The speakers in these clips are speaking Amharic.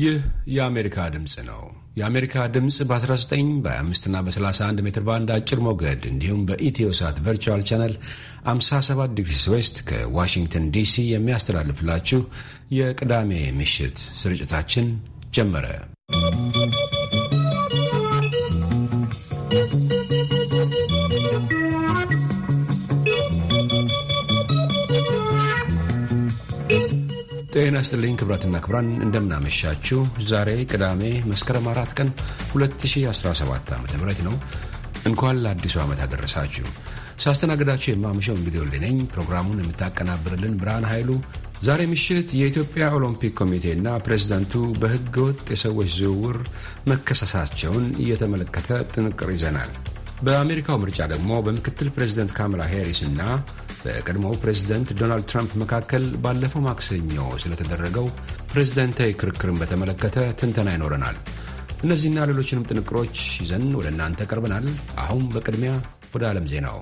ይህ የአሜሪካ ድምፅ ነው። የአሜሪካ ድምፅ በ19 በ25ና በ31 ሜትር ባንድ አጭር ሞገድ እንዲሁም በኢትዮ ሳት ቨርቹዋል ቻነል 57 ዲግሪስ ዌስት ከዋሽንግተን ዲሲ የሚያስተላልፍላችሁ የቅዳሜ ምሽት ስርጭታችን ጀመረ። ጤና ይስጥልኝ ክብራትና ክብራን እንደምናመሻችሁ። ዛሬ ቅዳሜ መስከረም አራት ቀን 2017 ዓ ም ነው። እንኳን ለአዲሱ ዓመት አደረሳችሁ። ሳስተናግዳችሁ የማመሸው እንግዲህ ነኝ። ፕሮግራሙን የምታቀናብርልን ብርሃን ኃይሉ። ዛሬ ምሽት የኢትዮጵያ ኦሎምፒክ ኮሚቴና ፕሬዚዳንቱ በሕገ ወጥ የሰዎች ዝውውር መከሰሳቸውን እየተመለከተ ጥንቅር ይዘናል። በአሜሪካው ምርጫ ደግሞ በምክትል ፕሬዚደንት ካምላ ሄሪስ እና በቀድሞው ፕሬዝደንት ዶናልድ ትራምፕ መካከል ባለፈው ማክሰኞ ስለተደረገው ፕሬዝደንታዊ ክርክርን በተመለከተ ትንተና ይኖረናል። እነዚህና ሌሎችንም ጥንቅሮች ይዘን ወደ እናንተ ቀርበናል። አሁን በቅድሚያ ወደ ዓለም ዜናው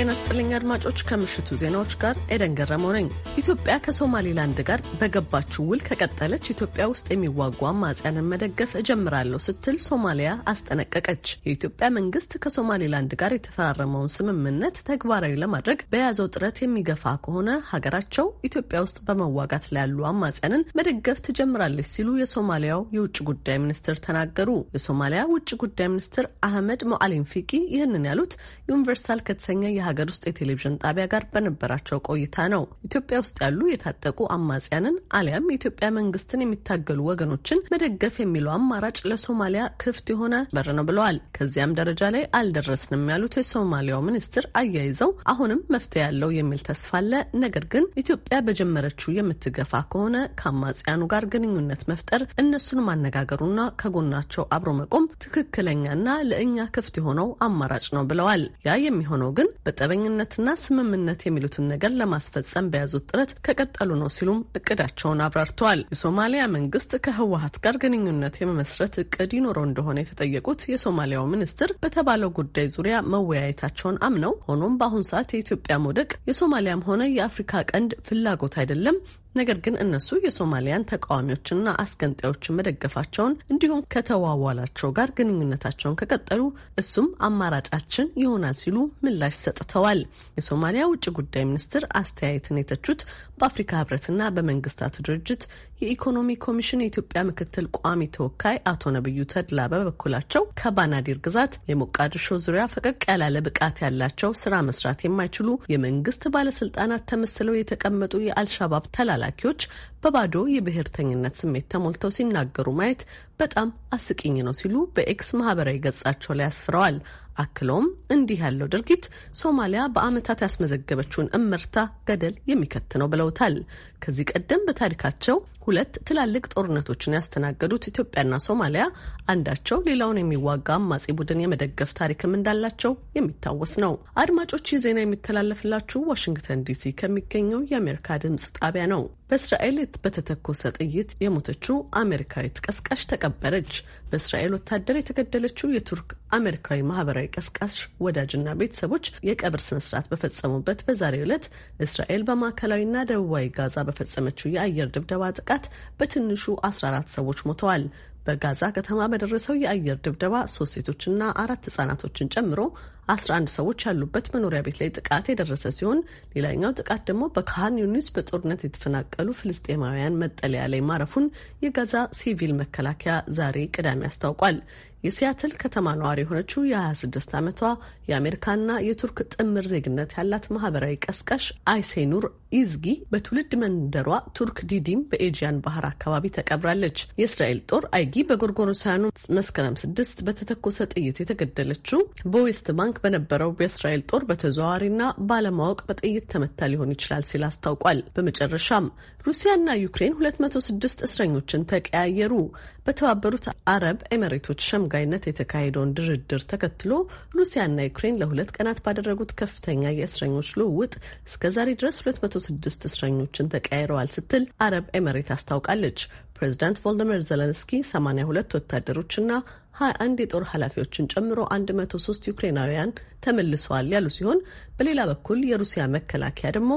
ጤና ስጥልኝ አድማጮች፣ ከምሽቱ ዜናዎች ጋር ኤደን ገረመው ነኝ። ኢትዮጵያ ከሶማሊላንድ ጋር በገባችው ውል ከቀጠለች ኢትዮጵያ ውስጥ የሚዋጉ አማጽያንን መደገፍ እጀምራለሁ ስትል ሶማሊያ አስጠነቀቀች። የኢትዮጵያ መንግስት ከሶማሌላንድ ጋር የተፈራረመውን ስምምነት ተግባራዊ ለማድረግ በያዘው ጥረት የሚገፋ ከሆነ ሀገራቸው ኢትዮጵያ ውስጥ በመዋጋት ላይ ያሉ አማጽያንን መደገፍ ትጀምራለች ሲሉ የሶማሊያው የውጭ ጉዳይ ሚኒስትር ተናገሩ። የሶማሊያ ውጭ ጉዳይ ሚኒስትር አህመድ ሞአሊም ፊቂ ይህንን ያሉት ዩኒቨርሳል ከተሰኘ የሀገር ውስጥ የቴሌቪዥን ጣቢያ ጋር በነበራቸው ቆይታ ነው። ኢትዮጵያ ውስጥ ያሉ የታጠቁ አማጽያንን አሊያም የኢትዮጵያ መንግስትን የሚታገሉ ወገኖችን መደገፍ የሚለው አማራጭ ለሶማሊያ ክፍት የሆነ በር ነው ብለዋል። ከዚያም ደረጃ ላይ አልደረስንም ያሉት የሶማሊያው ሚኒስትር አያይዘው አሁንም መፍትሄ ያለው የሚል ተስፋ አለ፣ ነገር ግን ኢትዮጵያ በጀመረችው የምትገፋ ከሆነ ከአማጽያኑ ጋር ግንኙነት መፍጠር እነሱን ማነጋገሩና ከጎናቸው አብሮ መቆም ትክክለኛና ለእኛ ክፍት የሆነው አማራጭ ነው ብለዋል። ያ የሚሆነው ግን ጠበኝነትና ስምምነት የሚሉትን ነገር ለማስፈጸም በያዙት ጥረት ከቀጠሉ ነው ሲሉም እቅዳቸውን አብራርተዋል። የሶማሊያ መንግስት ከህወሀት ጋር ግንኙነት የመመስረት እቅድ ይኖረው እንደሆነ የተጠየቁት የሶማሊያው ሚኒስትር በተባለው ጉዳይ ዙሪያ መወያየታቸውን አምነው ሆኖም በአሁኑ ሰዓት የኢትዮጵያ መውደቅ የሶማሊያም ሆነ የአፍሪካ ቀንድ ፍላጎት አይደለም ነገር ግን እነሱ የሶማሊያን ተቃዋሚዎችና አስገንጣዮችን መደገፋቸውን እንዲሁም ከተዋዋላቸው ጋር ግንኙነታቸውን ከቀጠሉ እሱም አማራጫችን ይሆናል ሲሉ ምላሽ ሰጥተዋል። የሶማሊያ ውጭ ጉዳይ ሚኒስትር አስተያየትን የተቹት በአፍሪካ ህብረትና በመንግስታቱ ድርጅት የኢኮኖሚ ኮሚሽን የኢትዮጵያ ምክትል ቋሚ ተወካይ አቶ ነብዩ ተድላ በበኩላቸው ከባናዲር ግዛት የሞቃዲሾ ዙሪያ ፈቀቅ ያላለ ብቃት ያላቸው ስራ መስራት የማይችሉ የመንግስት ባለስልጣናት ተመስለው የተቀመጡ የአልሻባብ ተላላኪዎች በባዶ የብሔርተኝነት ስሜት ተሞልተው ሲናገሩ ማየት በጣም አስቂኝ ነው ሲሉ በኤክስ ማህበራዊ ገጻቸው ላይ አስፍረዋል። አክለውም እንዲህ ያለው ድርጊት ሶማሊያ በዓመታት ያስመዘገበችውን እምርታ ገደል የሚከት ነው ብለውታል። ከዚህ ቀደም በታሪካቸው ሁለት ትላልቅ ጦርነቶችን ያስተናገዱት ኢትዮጵያና ሶማሊያ አንዳቸው ሌላውን የሚዋጋ አማጺ ቡድን የመደገፍ ታሪክም እንዳላቸው የሚታወስ ነው። አድማጮች ይህ ዜና የሚተላለፍላችሁ ዋሽንግተን ዲሲ ከሚገኘው የአሜሪካ ድምጽ ጣቢያ ነው። በእስራኤል በተተኮሰ ጥይት የሞተችው አሜሪካዊት ቀስቃሽ ተቀበረች። በእስራኤል ወታደር የተገደለችው የቱርክ አሜሪካዊ ማህበራዊ ቀስቃሽ ወዳጅና ቤተሰቦች የቀብር ስነስርዓት በፈጸሙበት በዛሬው ዕለት እስራኤል በማዕከላዊና ደቡባዊ ጋዛ በፈጸመችው የአየር ድብደባ ጥቃት ጥቃት በትንሹ 14 ሰዎች ሞተዋል። በጋዛ ከተማ በደረሰው የአየር ድብደባ ሶስት ሴቶችና አራት ህጻናቶችን ጨምሮ 11 ሰዎች ያሉበት መኖሪያ ቤት ላይ ጥቃት የደረሰ ሲሆን ሌላኛው ጥቃት ደግሞ በካህን ዩኒስ በጦርነት የተፈናቀሉ ፍልስጤማውያን መጠለያ ላይ ማረፉን የጋዛ ሲቪል መከላከያ ዛሬ ቅዳሜ አስታውቋል። የሲያትል ከተማ ነዋሪ የሆነችው የ26 ዓመቷ የአሜሪካና የቱርክ ጥምር ዜግነት ያላት ማህበራዊ ቀስቃሽ አይሴኑር ኢዝጊ በትውልድ መንደሯ ቱርክ ዲዲም በኤጂያን ባህር አካባቢ ተቀብራለች። የእስራኤል ጦር አይጊ በጎርጎሮሳውያኑ መስከረም ስድስት በተተኮሰ ጥይት የተገደለችው በዌስት ባንክ በነበረው በእስራኤል ጦር በተዘዋዋሪና ባለማወቅ በጥይት ተመታ ሊሆን ይችላል ሲል አስታውቋል። በመጨረሻም ሩሲያና ዩክሬን 206 እስረኞችን ተቀያየሩ። በተባበሩት አረብ ኤሚሬቶች ሸምጋይነት የተካሄደውን ድርድር ተከትሎ ሩሲያና ዩክሬን ለሁለት ቀናት ባደረጉት ከፍተኛ የእስረኞች ልውውጥ እስከ ዛሬ ድረስ 206 እስረኞችን ተቀያይረዋል ስትል አረብ ኤሚሬት አስታውቃለች። ፕሬዚዳንት ቮልደሚር ዘለንስኪ 82 ወታደሮችና 21 የጦር ኃላፊዎችን ጨምሮ 103 ዩክሬናውያን ተመልሰዋል ያሉ ሲሆን በሌላ በኩል የሩሲያ መከላከያ ደግሞ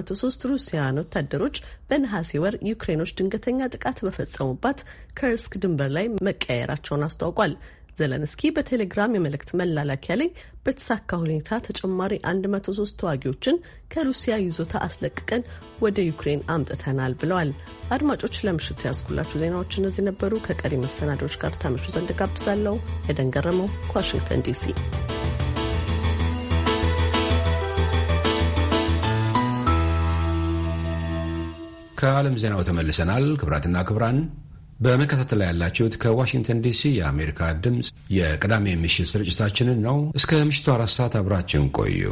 103 ሩሲያውያን ወታደሮች በነሐሴ ወር ዩክሬኖች ድንገተኛ ጥቃት በፈጸሙባት ከርስክ ድንበር ላይ መቀያየራቸውን አስታውቋል። ዘለንስኪ በቴሌግራም የመልእክት መላላኪያ ላይ በተሳካ ሁኔታ ተጨማሪ 103 ተዋጊዎችን ከሩሲያ ይዞታ አስለቅቀን ወደ ዩክሬን አምጥተናል ብለዋል። አድማጮች ለምሽቱ ያስኩላችሁ ዜናዎች እነዚህ ነበሩ። ከቀሪ መሰናዶዎች ጋር ታመሹ ዘንድ ጋብዛለሁ። ኤደን ገረመው ከዋሽንግተን ዲሲ ከዓለም ዜናው ተመልሰናል። ክብራትና ክብራን በመከታተል ላይ ያላችሁት ከዋሽንግተን ዲሲ የአሜሪካ ድምፅ የቅዳሜ ምሽት ስርጭታችንን ነው። እስከ ምሽቱ አራት ሰዓት አብራችሁን ቆዩ።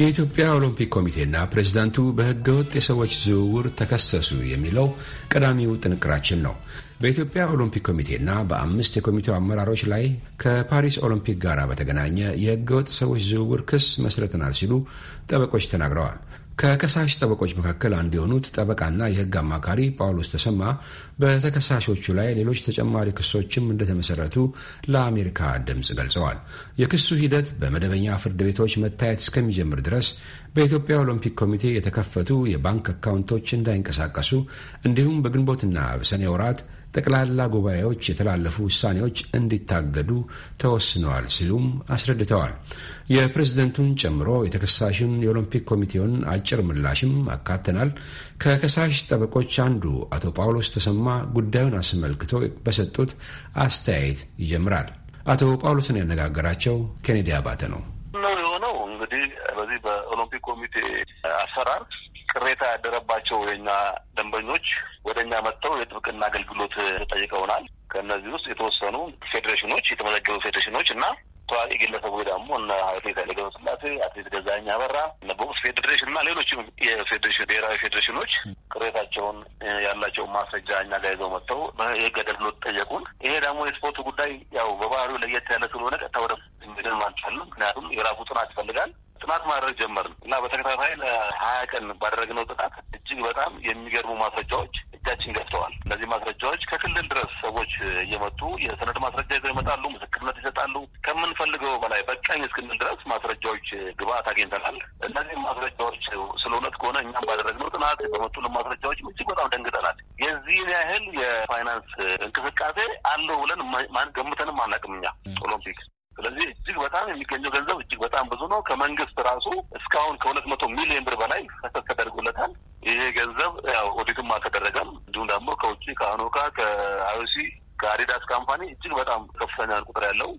የኢትዮጵያ ኦሎምፒክ ኮሚቴና ፕሬዚዳንቱ በሕገ ወጥ የሰዎች ዝውውር ተከሰሱ የሚለው ቀዳሚው ጥንቅራችን ነው። በኢትዮጵያ ኦሎምፒክ ኮሚቴና በአምስት የኮሚቴው አመራሮች ላይ ከፓሪስ ኦሎምፒክ ጋር በተገናኘ የሕገ ወጥ ሰዎች ዝውውር ክስ መስረትናል ሲሉ ጠበቆች ተናግረዋል። ከከሳሽ ጠበቆች መካከል አንዱ የሆኑት ጠበቃና የሕግ አማካሪ ጳውሎስ ተሰማ በተከሳሾቹ ላይ ሌሎች ተጨማሪ ክሶችም እንደተመሰረቱ ለአሜሪካ ድምፅ ገልጸዋል። የክሱ ሂደት በመደበኛ ፍርድ ቤቶች መታየት እስከሚጀምር ድረስ በኢትዮጵያ ኦሎምፒክ ኮሚቴ የተከፈቱ የባንክ አካውንቶች እንዳይንቀሳቀሱ እንዲሁም በግንቦትና በሰኔ ወራት ጠቅላላ ጉባኤዎች የተላለፉ ውሳኔዎች እንዲታገዱ ተወስነዋል ሲሉም አስረድተዋል። የፕሬዝደንቱን ጨምሮ የተከሳሹን የኦሎምፒክ ኮሚቴውን አጭር ምላሽም አካተናል። ከከሳሽ ጠበቆች አንዱ አቶ ጳውሎስ ተሰማ ጉዳዩን አስመልክቶ በሰጡት አስተያየት ይጀምራል። አቶ ጳውሎስን ያነጋገራቸው ኬኔዲ አባተ ነው። የሆነው እንግዲህ በዚህ በኦሎምፒክ ኮሚቴ አሰራር ቅሬታ ያደረባቸው የኛ ደንበኞች ወደ እኛ መጥተው የጥብቅና አገልግሎት ጠይቀውናል። ከእነዚህ ውስጥ የተወሰኑ ፌዴሬሽኖች የተመዘገቡ ፌዴሬሽኖች እና ታዋቂ ግለሰቦች ደግሞ እነ አትሌት ኃይሌ ገብረስላሴ፣ አትሌት ገዛኸኝ አበራ፣ እነ ቦክስ ፌዴሬሽን እና ሌሎችም የፌዴሬሽን ብሔራዊ ፌዴሬሽኖች ቅሬታቸውን ያላቸውን ማስረጃ እኛ ጋር ይዘው መጥተው የህግ አገልግሎት ጠየቁን። ይሄ ደግሞ የስፖርት ጉዳይ ያው በባህሪው ለየት ያለ ስለሆነ ቀጥታ ወደ ማንቻል ምክንያቱም የራሱ ጥናት ይፈልጋል ጥናት ማድረግ ጀመርን እና በተከታታይ ለሀያ ቀን ባደረግነው ጥናት እጅግ በጣም የሚገርሙ ማስረጃዎች እጃችን ገብተዋል። እነዚህ ማስረጃዎች ከክልል ድረስ ሰዎች እየመጡ የሰነድ ማስረጃ ይዘው ይመጣሉ፣ ምስክርነት ይሰጣሉ። ከምንፈልገው በላይ በቃኝ እስክንል ድረስ ማስረጃዎች ግብአት አግኝተናል። እነዚህ ማስረጃዎች ስለ እውነት ከሆነ እኛም ባደረግነው ጥናት በመጡልን ማስረጃዎች እጅግ በጣም ደንግጠናል። የዚህን ያህል የፋይናንስ እንቅስቃሴ አለው ብለን ማን ገምተንም አናውቅም። እኛ ኦሎምፒክ ስለዚህ እጅግ በጣም የሚገኘው ገንዘብ እጅግ በጣም ብዙ ነው። ከመንግስት ራሱ እስካሁን ከሁለት መቶ ሚሊዮን ብር በላይ ፈሰስ ተደርጎለታል። ይሄ ገንዘብ ያው ኦዲትም አልተደረገም። እንዲሁም ደግሞ ከውጭ ከአኖካ ከአዮሲ ከአዲዳስ ካምፓኒ እጅግ በጣም ከፍተኛን ቁጥር ያለው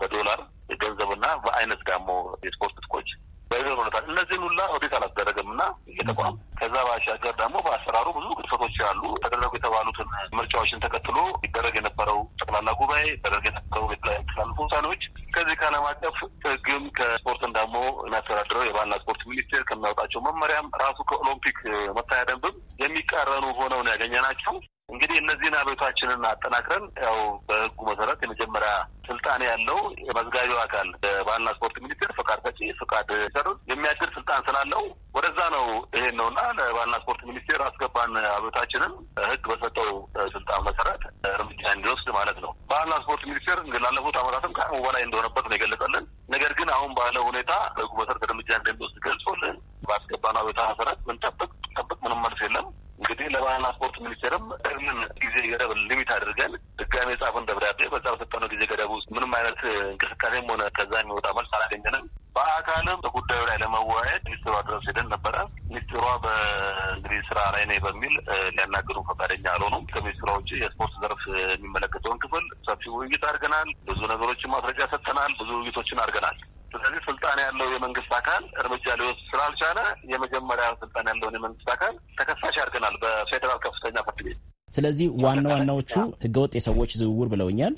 በዶላር ገንዘብና በአይነት ደግሞ የስፖርት ትጥቆች በብር ሁኔታ እነዚህን ሁላ ኦዲት አላደረገም እና የተቋም ከዛ ባሻገር ደግሞ በአሰራሩ ብዙ ክፍተቶች አሉ። ተደረጉ የተባሉትን ምርጫዎችን ተከትሎ ይደረግ የነበረው ጠቅላላ ጉባኤ ይደረግ የነበረው የተላለፉ ውሳኔዎች ከዚህ ከዓለም አቀፍ ሕግም ከስፖርትን ደግሞ የሚያስተዳድረው የባህልና ስፖርት ሚኒስቴር ከሚያወጣቸው መመሪያም ራሱ ከኦሎምፒክ መታያ ደንብም የሚቃረኑ ሆነው ነው ያገኘናቸው። እንግዲህ እነዚህን አቤቷችንን አጠናክረን ያው በህጉ መሰረት የመጀመሪያ ስልጣን ያለው የመዝጋቢው አካል ባህልና ስፖርት ሚኒስቴር ፈቃድ ሰጪ ፈቃድ ሰሩ የሚያድር ስልጣን ስላለው ወደዛ ነው ይሄን ነውና ለባህልና ስፖርት ሚኒስቴር አስገባን አቤቷችንን ህግ በሰጠው ስልጣን መሰረት እርምጃ እንዲወስድ ማለት ነው። ባህልና ስፖርት ሚኒስቴር ላለፉት አመታትም ከአቅሙ በላይ እንደሆነበት ነው የገለጸልን። ነገር ግን አሁን ባለው ሁኔታ በህጉ መሰረት እርምጃ እንደሚወስድ ገልጾልን በአስገባን አቤቷ መሰረት ምንጠብቅ ጠብቅ ምንም መልስ የለም። እንግዲህ ለባህልና ስፖርት ሚኒስቴርም እርምን ጊዜ ገደብ ሊሚት አድርገን ድጋሚ የጻፉን ደብዳቤ በዛ በሰጠነው ጊዜ ገደብ ውስጥ ምንም አይነት እንቅስቃሴም ሆነ ከዛ የሚወጣ መልስ አላገኘንም። በአካልም በጉዳዩ ላይ ለመወያየት ሚኒስትሯ ድረስ ሄደን ነበረ። ሚኒስትሯ በእንግዲህ ስራ ላይ ነኝ በሚል ሊያናገሩ ፈቃደኛ አልሆኑም። ከሚኒስትሯ ውጭ የስፖርት ዘርፍ የሚመለከተውን ክፍል ሰፊ ውይይት አድርገናል። ብዙ ነገሮችን ማስረጃ ሰጥተናል። ብዙ ውይይቶችን አድርገናል። ስለዚህ ስልጣን ያለው የመንግስት አካል እርምጃ ሊወስድ ስላልቻለ የመጀመሪያ ስልጣን ያለውን የመንግስት አካል ተከሳሽ ያድርገናል በፌዴራል ከፍተኛ ፍርድ ቤት። ስለዚህ ዋና ዋናዎቹ ህገወጥ የሰዎች ዝውውር ብለውኛል።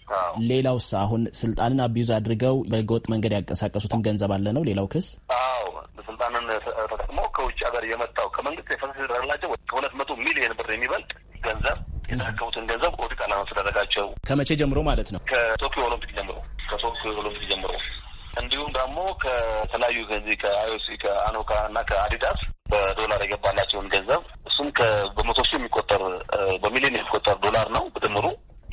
ሌላውስ አሁን ስልጣንን አቢዩዝ አድርገው በህገወጥ መንገድ ያንቀሳቀሱትም ገንዘብ አለ ነው ሌላው ክስ። አዎ ስልጣንን ተጠቅሞ ከውጭ ሀገር የመጣው ከመንግስት የፈሰስ የተደረገላቸው ከሁለት መቶ ሚሊዮን ብር የሚበልጥ ገንዘብ የተረከቡትን ገንዘብ ኦዲት አላማ ተደረጋቸው። ከመቼ ጀምሮ ማለት ነው? ከቶኪዮ ኦሎምፒክ ጀምሮ ከቶኪዮ ኦሎምፒክ ጀምሮ እንዲሁም ደግሞ ከተለያዩ ከዚህ ከአዮሲ ከአኖካ እና ከአዲዳስ በዶላር የገባላቸውን ገንዘብ እሱም በመቶ ሺህ የሚቆጠር በሚሊዮን የሚቆጠር ዶላር ነው በድምሩ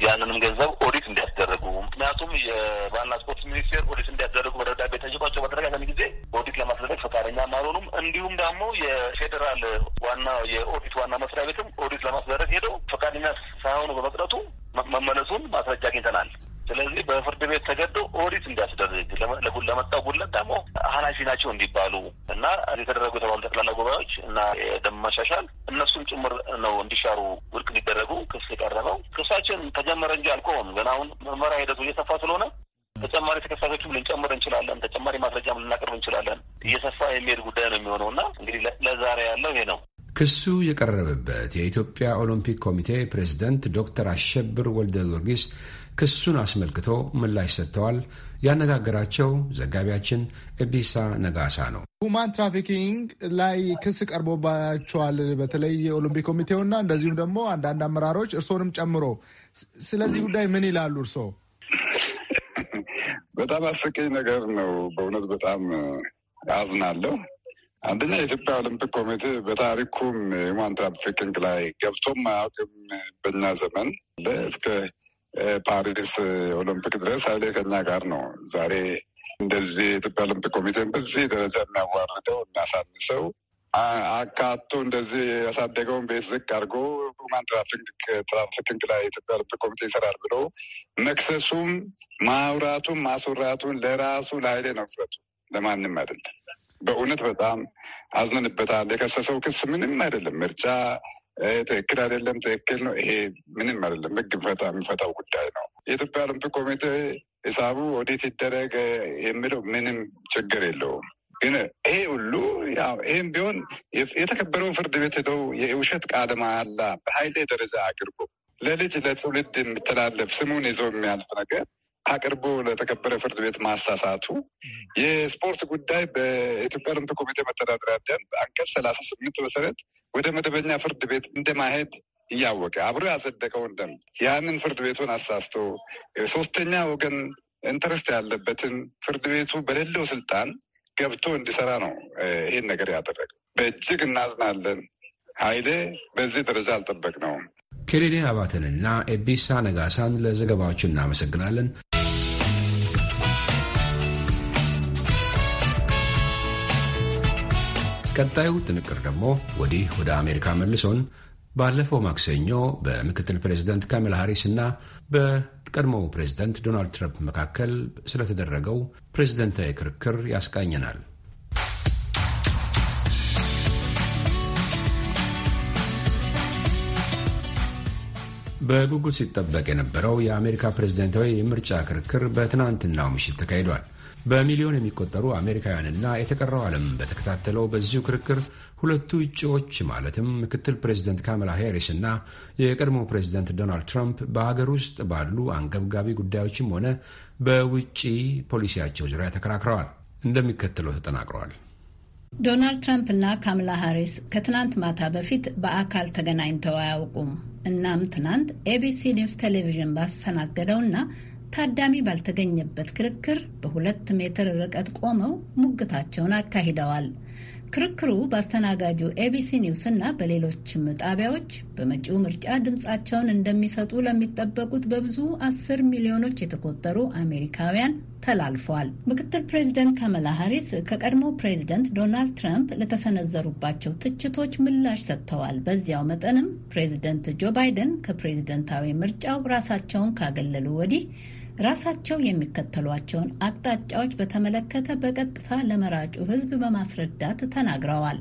ያንንም ገንዘብ ኦዲት እንዲያስደረጉ ምክንያቱም የባህልና ስፖርት ሚኒስቴር ኦዲት እንዲያስደረጉ በደብዳቤ ጠይቋቸው በተደጋጋሚ ጊዜ ኦዲት ለማስደረግ ፈቃደኛ አልሆኑም። እንዲሁም ደግሞ የፌዴራል ዋና የኦዲት ዋና መስሪያ ቤትም ኦዲት ለማስደረግ ሄደው ፈቃደኛ ሳይሆኑ በመቅረቱ መመለሱን ማስረጃ አግኝተናል። ስለዚህ በፍርድ ቤት ተገዶ ኦዲት እንዲያስደርግ ለመጣው ጉለት ደግሞ ኃላፊ ናቸው እንዲባሉ እና የተደረጉ የተባሉ ጠቅላላ ጉባኤዎች እና የደም መሻሻል እነሱም ጭምር ነው እንዲሻሩ ውድቅ እንዲደረጉ ክስ የቀረበው። ክሳችን ተጀመረ እንጂ አልቆም ገና አሁን ምርመራ ሂደቱ እየሰፋ ስለሆነ ተጨማሪ ተከሳሾችም ልንጨምር እንችላለን። ተጨማሪ ማስረጃም ልናቀርብ እንችላለን። እየሰፋ የሚሄድ ጉዳይ ነው የሚሆነው እና እንግዲህ ለዛሬ ያለው ይሄ ነው። ክሱ የቀረበበት የኢትዮጵያ ኦሎምፒክ ኮሚቴ ፕሬዚደንት ዶክተር አሸብር ወልደ ጊዮርጊስ ክሱን አስመልክቶ ምላሽ ሰጥተዋል። ያነጋገራቸው ዘጋቢያችን እቢሳ ነጋሳ ነው። ሁማን ትራፊኪንግ ላይ ክስ ቀርቦባቸዋል። በተለይ የኦሎምፒክ ኮሚቴውና እንደዚሁም ደግሞ አንዳንድ አመራሮች እርስዎንም ጨምሮ። ስለዚህ ጉዳይ ምን ይላሉ እርስዎ? በጣም አስቂኝ ነገር ነው። በእውነት በጣም አዝናለሁ። አንደኛ የኢትዮጵያ ኦሎምፒክ ኮሚቴ በታሪኩም ሁማን ትራፊኪንግ ላይ ገብቶም አያውቅም። በኛ ዘመን እስከ ፓሪስ ኦሎምፒክ ድረስ ኃይሌ ከኛ ጋር ነው። ዛሬ እንደዚህ የኢትዮጵያ ኦሎምፒክ ኮሚቴን በዚህ ደረጃ የሚያዋርደው የሚያሳንሰው አካቶ እንደዚህ ያሳደገውን ቤት ዝቅ አድርጎ ሁማን ትራፊኪንግ ላይ የኢትዮጵያ ኦሎምፒክ ኮሚቴ ይሰራል ብሎ መክሰሱም ማውራቱም ማስወራቱን ለራሱ ለኃይሌ ነው ፍረቱ፣ ለማንም አይደለም። በእውነት በጣም አዝነንበታል። የከሰሰው ክስ ምንም አይደለም። ምርጫ ትክክል አይደለም፣ ትክክል ነው፣ ይሄ ምንም አይደለም። ህግ የሚፈታው ጉዳይ ነው። የኢትዮጵያ ኦሎምፒክ ኮሚቴ ሂሳቡ ወዴት ይደረግ የሚለው ምንም ችግር የለውም። ግን ይሄ ሁሉ ይህም ቢሆን የተከበረው ፍርድ ቤት ሄደው የውሸት ቃለ መሃላ በሀይሌ ደረጃ አቅርቦ ለልጅ ለትውልድ የሚተላለፍ ስሙን ይዞ የሚያልፍ ነገር አቅርቦ ለተከበረ ፍርድ ቤት ማሳሳቱ የስፖርት ጉዳይ በኢትዮጵያ ኦሎምፒክ ኮሚቴ መተዳደሪያ ደንብ አንቀጽ ሰላሳ ስምንት መሰረት ወደ መደበኛ ፍርድ ቤት እንደማሄድ እያወቀ አብሮ ያጸደቀውን ደንብ ያንን ፍርድ ቤቱን አሳስቶ ሶስተኛ ወገን ኢንተረስት ያለበትን ፍርድ ቤቱ በሌለው ስልጣን ገብቶ እንዲሰራ ነው ይህን ነገር ያደረገው። በእጅግ እናዝናለን። ኃይሌ በዚህ ደረጃ አልጠበቅነውም። ኬኔዲን አባትንና ኤቢሳ ነጋሳን ለዘገባዎቹ እናመሰግናለን። ቀጣዩ ጥንቅር ደግሞ ወዲህ ወደ አሜሪካ መልሶን ባለፈው ማክሰኞ በምክትል ፕሬዚደንት ካሜላ ሃሪስ እና በቀድሞው ፕሬዚደንት ዶናልድ ትራምፕ መካከል ስለተደረገው ፕሬዚደንታዊ ክርክር ያስቃኘናል። በጉጉት ሲጠበቅ የነበረው የአሜሪካ ፕሬዝደንታዊ የምርጫ ክርክር በትናንትናው ምሽት ተካሂዷል። በሚሊዮን የሚቆጠሩ አሜሪካውያንና የተቀረው ዓለም በተከታተለው በዚሁ ክርክር ሁለቱ እጩዎች ማለትም ምክትል ፕሬዚደንት ካማላ ሄሪስ እና የቀድሞ ፕሬዚደንት ዶናልድ ትራምፕ በሀገር ውስጥ ባሉ አንገብጋቢ ጉዳዮችም ሆነ በውጪ ፖሊሲያቸው ዙሪያ ተከራክረዋል። እንደሚከተለው ተጠናቅረዋል። ዶናልድ ትራምፕ እና ካምላ ሃሪስ ከትናንት ማታ በፊት በአካል ተገናኝተው አያውቁም። እናም ትናንት ኤቢሲ ኒውስ ቴሌቪዥን ባስተናገደውና ታዳሚ ባልተገኘበት ክርክር በሁለት ሜትር ርቀት ቆመው ሙግታቸውን አካሂደዋል። ክርክሩ በአስተናጋጁ ኤቢሲ ኒውስ እና በሌሎችም ጣቢያዎች በመጪው ምርጫ ድምፃቸውን እንደሚሰጡ ለሚጠበቁት በብዙ አስር ሚሊዮኖች የተቆጠሩ አሜሪካውያን ተላልፏል። ምክትል ፕሬዚደንት ካመላ ሀሪስ ከቀድሞ ፕሬዚደንት ዶናልድ ትራምፕ ለተሰነዘሩባቸው ትችቶች ምላሽ ሰጥተዋል። በዚያው መጠንም ፕሬዚደንት ጆ ባይደን ከፕሬዚደንታዊ ምርጫው ራሳቸውን ካገለሉ ወዲህ ራሳቸው የሚከተሏቸውን አቅጣጫዎች በተመለከተ በቀጥታ ለመራጩ ሕዝብ በማስረዳት ተናግረዋል።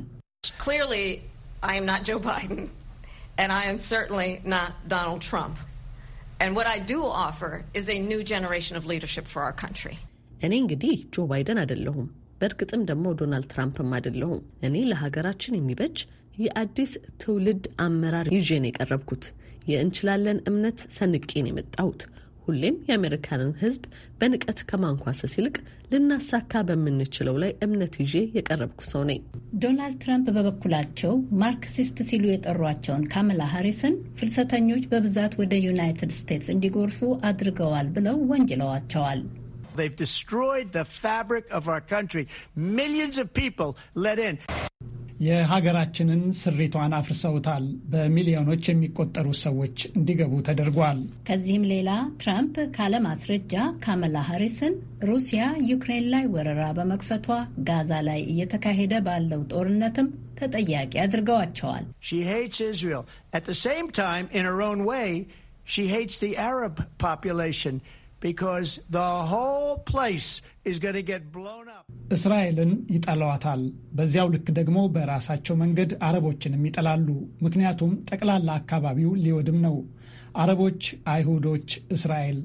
እኔ እንግዲህ ጆ ባይደን አይደለሁም፣ በእርግጥም ደግሞ ዶናልድ ትራምፕም አይደለሁም። እኔ ለሀገራችን የሚበጅ የአዲስ ትውልድ አመራር ይዤን የቀረብኩት የእንችላለን እምነት ሰንቄን የመጣሁት ሁሌም የአሜሪካንን ሕዝብ በንቀት ከማንኳሰስ ይልቅ ልናሳካ በምንችለው ላይ እምነት ይዤ የቀረብኩ ሰው ነኝ። ዶናልድ ትራምፕ በበኩላቸው ማርክሲስት ሲሉ የጠሯቸውን ካመላ ሃሪስን ፍልሰተኞች በብዛት ወደ ዩናይትድ ስቴትስ እንዲጎርፉ አድርገዋል ብለው ወንጅለዋቸዋል። They've destroyed the fabric of our country. Millions of people let in. የሀገራችንን ስሪቷን አፍርሰውታል፣ በሚሊዮኖች የሚቆጠሩ ሰዎች እንዲገቡ ተደርጓል። ከዚህም ሌላ ትራምፕ ካለማስረጃ ካመላ ሀሪስን ሩሲያ ዩክሬን ላይ ወረራ በመክፈቷ ጋዛ ላይ እየተካሄደ ባለው ጦርነትም ተጠያቂ አድርገዋቸዋል። እስራኤል እስራኤልን ይጠሏታል። በዚያው ልክ ደግሞ በራሳቸው መንገድ አረቦችንም ይጠላሉ። ምክንያቱም ጠቅላላ አካባቢው ሊወድም ነው። አረቦች፣ አይሁዶች፣ እስራኤል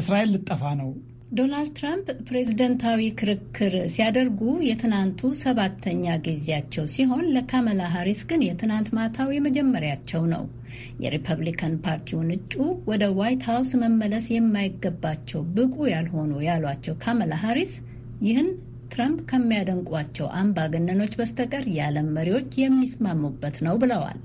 እስራኤል ልጠፋ ነው። ዶናልድ ትራምፕ ፕሬዝደንታዊ ክርክር ሲያደርጉ የትናንቱ ሰባተኛ ጊዜያቸው ሲሆን ለካመላ ሃሪስ ግን የትናንት ማታው የመጀመሪያቸው ነው። የሪፐብሊካን ፓርቲውን እጩ ወደ ዋይት ሀውስ መመለስ የማይገባቸው ብቁ ያልሆኑ ያሏቸው ካመላ ሃሪስ ይህን ትራምፕ ከሚያደንቋቸው አምባገነኖች በስተቀር የዓለም መሪዎች የሚስማሙበት ነው ብለዋል።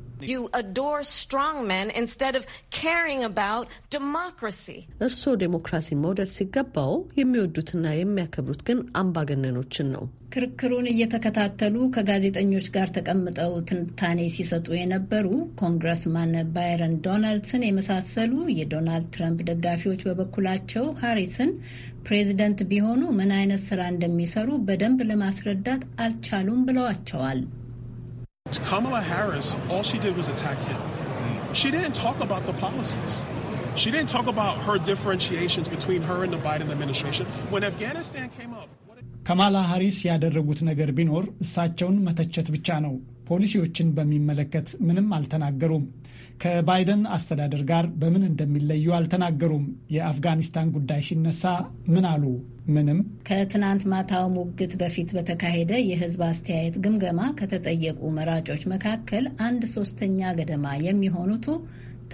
እርስዎ ዴሞክራሲ መውደድ ሲገባው የሚወዱትና የሚያከብሩት ግን አምባገነኖችን ነው። ክርክሩን እየተከታተሉ ከጋዜጠኞች ጋር ተቀምጠው ትንታኔ ሲሰጡ የነበሩ ኮንግረስማን ባይረን ዶናልድስን የመሳሰሉ የዶናልድ ትራምፕ ደጋፊዎች በበኩላቸው ሃሪስን ፕሬዚደንት ቢሆኑ ምን አይነት ስራ እንደሚሰሩ በደንብ ለማስረዳት አልቻሉም ብለዋቸዋል። Kamala Harris, all she did was attack him. She didn't talk about the policies. She didn't talk about her differentiations between her and the Biden administration. When Afghanistan came up, Kamala Harris ያደረጉት ነገር ቢኖር እሳቸውን መተቸት ብቻ ነው። ፖሊሲዎችን በሚመለከት ምንም አልተናገሩም። ከባይደን አስተዳደር ጋር በምን እንደሚለዩ አልተናገሩም። የአፍጋኒስታን ጉዳይ ሲነሳ ምን አሉ? ምንም። ከትናንት ማታው ሙግት በፊት በተካሄደ የህዝብ አስተያየት ግምገማ ከተጠየቁ መራጮች መካከል አንድ ሶስተኛ ገደማ የሚሆኑቱ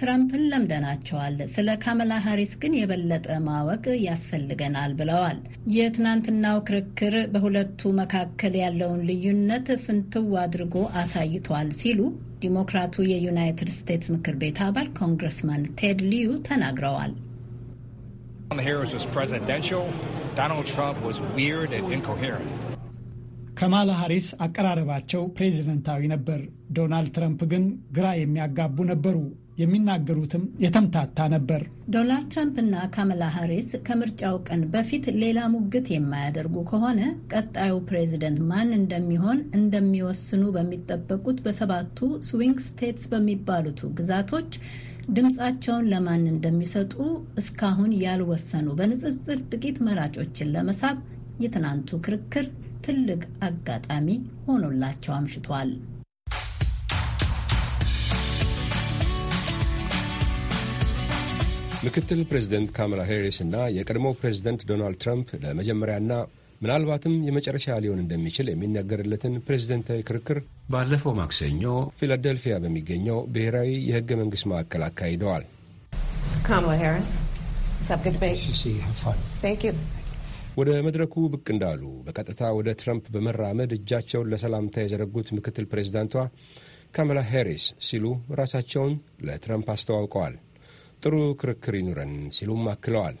ትረምፕን ለምደናቸዋል፣ ስለ ካመላ ሃሪስ ግን የበለጠ ማወቅ ያስፈልገናል ብለዋል። የትናንትናው ክርክር በሁለቱ መካከል ያለውን ልዩነት ፍንትው አድርጎ አሳይቷል ሲሉ ዲሞክራቱ የዩናይትድ ስቴትስ ምክር ቤት አባል ኮንግረስማን ቴድ ሊዩ ተናግረዋል። ካማላ ሃሪስ አቀራረባቸው ፕሬዚደንታዊ ነበር። ዶናልድ ትራምፕ ግን ግራ የሚያጋቡ ነበሩ። የሚናገሩትም የተምታታ ነበር። ዶናልድ እና ካመላ ሃሪስ ከምርጫው ቀን በፊት ሌላ ሙግት የማያደርጉ ከሆነ ቀጣዩ ፕሬዚደንት ማን እንደሚሆን እንደሚወስኑ በሚጠበቁት በሰባቱ ስዊንግ ስቴትስ በሚባሉቱ ግዛቶች ድምፃቸውን ለማን እንደሚሰጡ እስካሁን ያልወሰኑ በንጽጽር ጥቂት መራጮችን ለመሳብ የትናንቱ ክርክር ትልቅ አጋጣሚ ሆኖላቸው አምሽቷል። ምክትል ፕሬዚደንት ካማላ ሄሪስ እና የቀድሞው ፕሬዚደንት ዶናልድ ትራምፕ ለመጀመሪያና ምናልባትም የመጨረሻ ሊሆን እንደሚችል የሚነገርለትን ፕሬዝደንታዊ ክርክር ባለፈው ማክሰኞ ፊላደልፊያ በሚገኘው ብሔራዊ የህገ መንግሥት ማዕከል አካሂደዋል። ወደ መድረኩ ብቅ እንዳሉ በቀጥታ ወደ ትራምፕ በመራመድ እጃቸውን ለሰላምታ የዘረጉት ምክትል ፕሬዚዳንቷ ካማላ ሄሪስ ሲሉ ራሳቸውን ለትራምፕ አስተዋውቀዋል። ጥሩ ክርክር ይኑረን ሲሉም አክለዋል።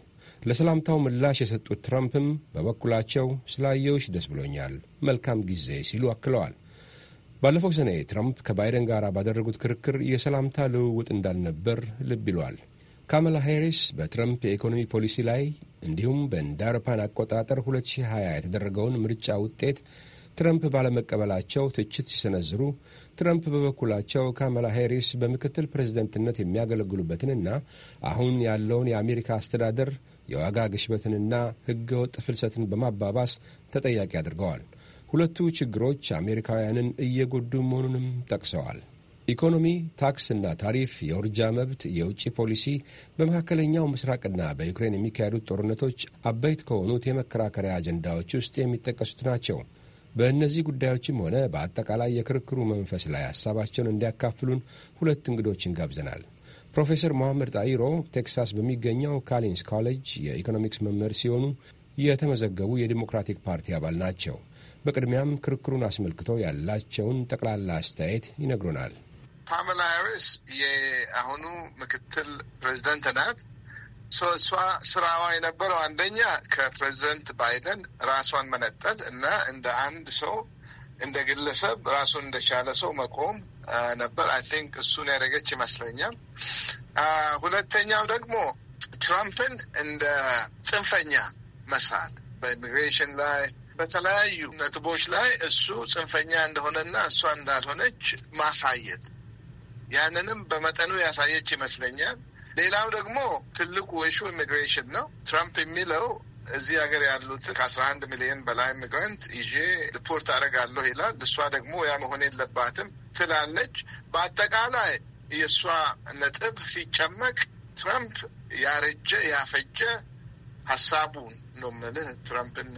ለሰላምታው ምላሽ የሰጡት ትራምፕም በበኩላቸው ስላየውሽ ደስ ብሎኛል፣ መልካም ጊዜ ሲሉ አክለዋል። ባለፈው ሰኔ ትራምፕ ከባይደን ጋር ባደረጉት ክርክር የሰላምታ ልውውጥ እንዳልነበር ልብ ይሏል። ካመላ ሃሪስ በትራምፕ የኢኮኖሚ ፖሊሲ ላይ እንዲሁም በእንደ አውሮፓውያን አቆጣጠር 2020 የተደረገውን ምርጫ ውጤት ትረምፕ ባለመቀበላቸው ትችት ሲሰነዝሩ፣ ትረምፕ በበኩላቸው ካማላ ሄሪስ በምክትል ፕሬዝደንትነት የሚያገለግሉበትንና አሁን ያለውን የአሜሪካ አስተዳደር የዋጋ ግሽበትንና ወጥ ፍልሰትን በማባባስ ተጠያቂ አድርገዋል። ሁለቱ ችግሮች አሜሪካውያንን እየጎዱ መሆኑንም ጠቅሰዋል። ኢኮኖሚ፣ ታክስና ታሪፍ፣ የውርጃ መብት፣ የውጭ ፖሊሲ፣ በመካከለኛው ምስራቅና በዩክሬን የሚካሄዱት ጦርነቶች አበይት ከሆኑት የመከራከሪያ አጀንዳዎች ውስጥ የሚጠቀሱት ናቸው። በእነዚህ ጉዳዮችም ሆነ በአጠቃላይ የክርክሩ መንፈስ ላይ ሀሳባቸውን እንዲያካፍሉን ሁለት እንግዶችን ጋብዘናል። ፕሮፌሰር መሐመድ ጣይሮ ቴክሳስ በሚገኘው ካሊንስ ኮሌጅ የኢኮኖሚክስ መምህር ሲሆኑ የተመዘገቡ የዲሞክራቲክ ፓርቲ አባል ናቸው። በቅድሚያም ክርክሩን አስመልክቶ ያላቸውን ጠቅላላ አስተያየት ይነግሩናል። ፓመላ ሃሪስ የአሁኑ ምክትል ፕሬዚደንት ናት። እሷ ስራዋ የነበረው አንደኛ ከፕሬዚደንት ባይደን ራሷን መነጠል እና እንደ አንድ ሰው እንደ ግለሰብ ራሱን እንደቻለ ሰው መቆም ነበር። አይ ቲንክ እሱን ያደረገች ይመስለኛል። ሁለተኛው ደግሞ ትራምፕን እንደ ጽንፈኛ መሳል በኢሚግሬሽን ላይ በተለያዩ ነጥቦች ላይ እሱ ጽንፈኛ እንደሆነና እሷ እንዳልሆነች ማሳየት ያንንም በመጠኑ ያሳየች ይመስለኛል። ሌላው ደግሞ ትልቁ ኢሹ ኢሚግሬሽን ነው። ትራምፕ የሚለው እዚህ ሀገር ያሉት ከአስራ አንድ ሚሊዮን በላይ ኢሚግራንት ይዤ ሪፖርት አደርጋለሁ ይላል። እሷ ደግሞ ያ መሆን የለባትም ትላለች። በአጠቃላይ የእሷ ነጥብ ሲጨመቅ ትራምፕ ያረጀ ያፈጀ ሀሳቡን ነው የምልህ ትራምፕን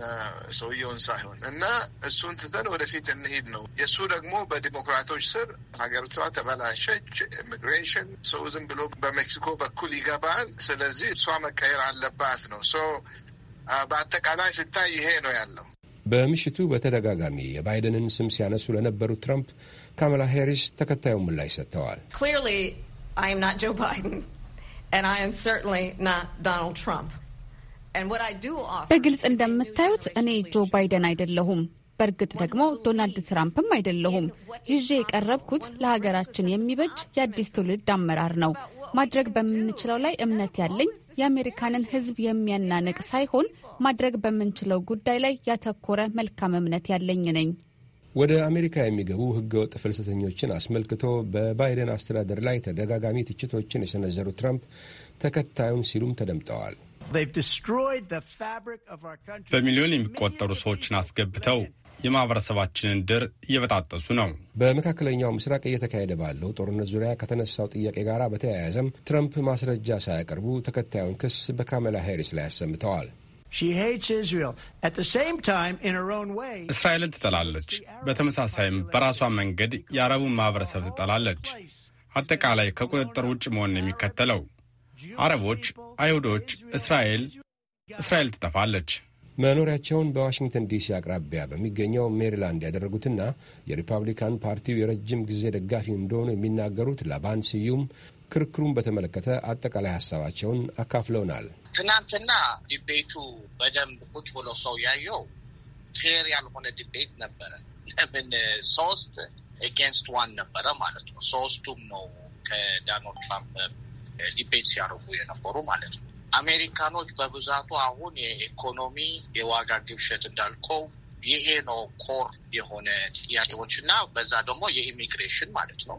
ሰውየውን ሳይሆን እና እሱን ትተን ወደፊት እንሄድ ነው። የእሱ ደግሞ በዲሞክራቶች ስር ሀገሪቷ ተበላሸች፣ ኢሚግሬሽን ሰው ዝም ብሎ በሜክሲኮ በኩል ይገባል፣ ስለዚህ እሷ መቀየር አለባት ነው። በአጠቃላይ ሲታይ ይሄ ነው ያለው። በምሽቱ በተደጋጋሚ የባይደንን ስም ሲያነሱ ለነበሩት ትራምፕ ካማላ ሄሪስ ተከታዩን ምላሽ ሰጥተዋል። ክሊርሊ አይ አም ናት ጆ ባይደን ኤንድ አይ አም ሰርተንሊ ናት ዶናልድ ትራምፕ በግልጽ እንደምታዩት እኔ ጆ ባይደን አይደለሁም። በእርግጥ ደግሞ ዶናልድ ትራምፕም አይደለሁም። ይዤ የቀረብኩት ለሀገራችን የሚበጅ የአዲስ ትውልድ አመራር ነው። ማድረግ በምንችለው ላይ እምነት ያለኝ የአሜሪካንን ሕዝብ የሚያናንቅ ሳይሆን ማድረግ በምንችለው ጉዳይ ላይ ያተኮረ መልካም እምነት ያለኝ ነኝ። ወደ አሜሪካ የሚገቡ ሕገወጥ ፍልሰተኞችን አስመልክቶ በባይደን አስተዳደር ላይ ተደጋጋሚ ትችቶችን የሰነዘሩ ትራምፕ ተከታዩን ሲሉም ተደምጠዋል። በሚሊዮን የሚቆጠሩ ሰዎችን አስገብተው የማህበረሰባችንን ድር እየበጣጠሱ ነው። በመካከለኛው ምስራቅ እየተካሄደ ባለው ጦርነት ዙሪያ ከተነሳው ጥያቄ ጋር በተያያዘም ትረምፕ ማስረጃ ሳያቀርቡ ተከታዩን ክስ በካመላ ሄሪስ ላይ አሰምተዋል። እስራኤልን ትጠላለች፣ በተመሳሳይም በራሷ መንገድ የአረቡን ማህበረሰብ ትጠላለች። አጠቃላይ ከቁጥጥር ውጭ መሆን የሚከተለው አረቦች፣ አይሁዶች፣ እስራኤል እስራኤል ትጠፋለች። መኖሪያቸውን በዋሽንግተን ዲሲ አቅራቢያ በሚገኘው ሜሪላንድ ያደረጉትና የሪፐብሊካን ፓርቲው የረጅም ጊዜ ደጋፊ እንደሆኑ የሚናገሩት ላባን ስዩም ክርክሩን በተመለከተ አጠቃላይ ሀሳባቸውን አካፍለውናል። ትናንትና ዲቤቱ በደንብ ቁጭ ብሎ ሰው ያየው ፌር ያልሆነ ዲቤት ነበረ። ለምን ሶስት ኤጌንስት ዋን ነበረ ማለት ነው። ሶስቱም ነው ከዳናልድ ትራምፕ ዲቤት ሲያደርጉ የነበሩ ማለት ነው። አሜሪካኖች በብዛቱ አሁን የኢኮኖሚ የዋጋ ግብሸት እንዳልከው ይሄ ነው ኮር የሆነ ጥያቄዎች እና በዛ ደግሞ የኢሚግሬሽን ማለት ነው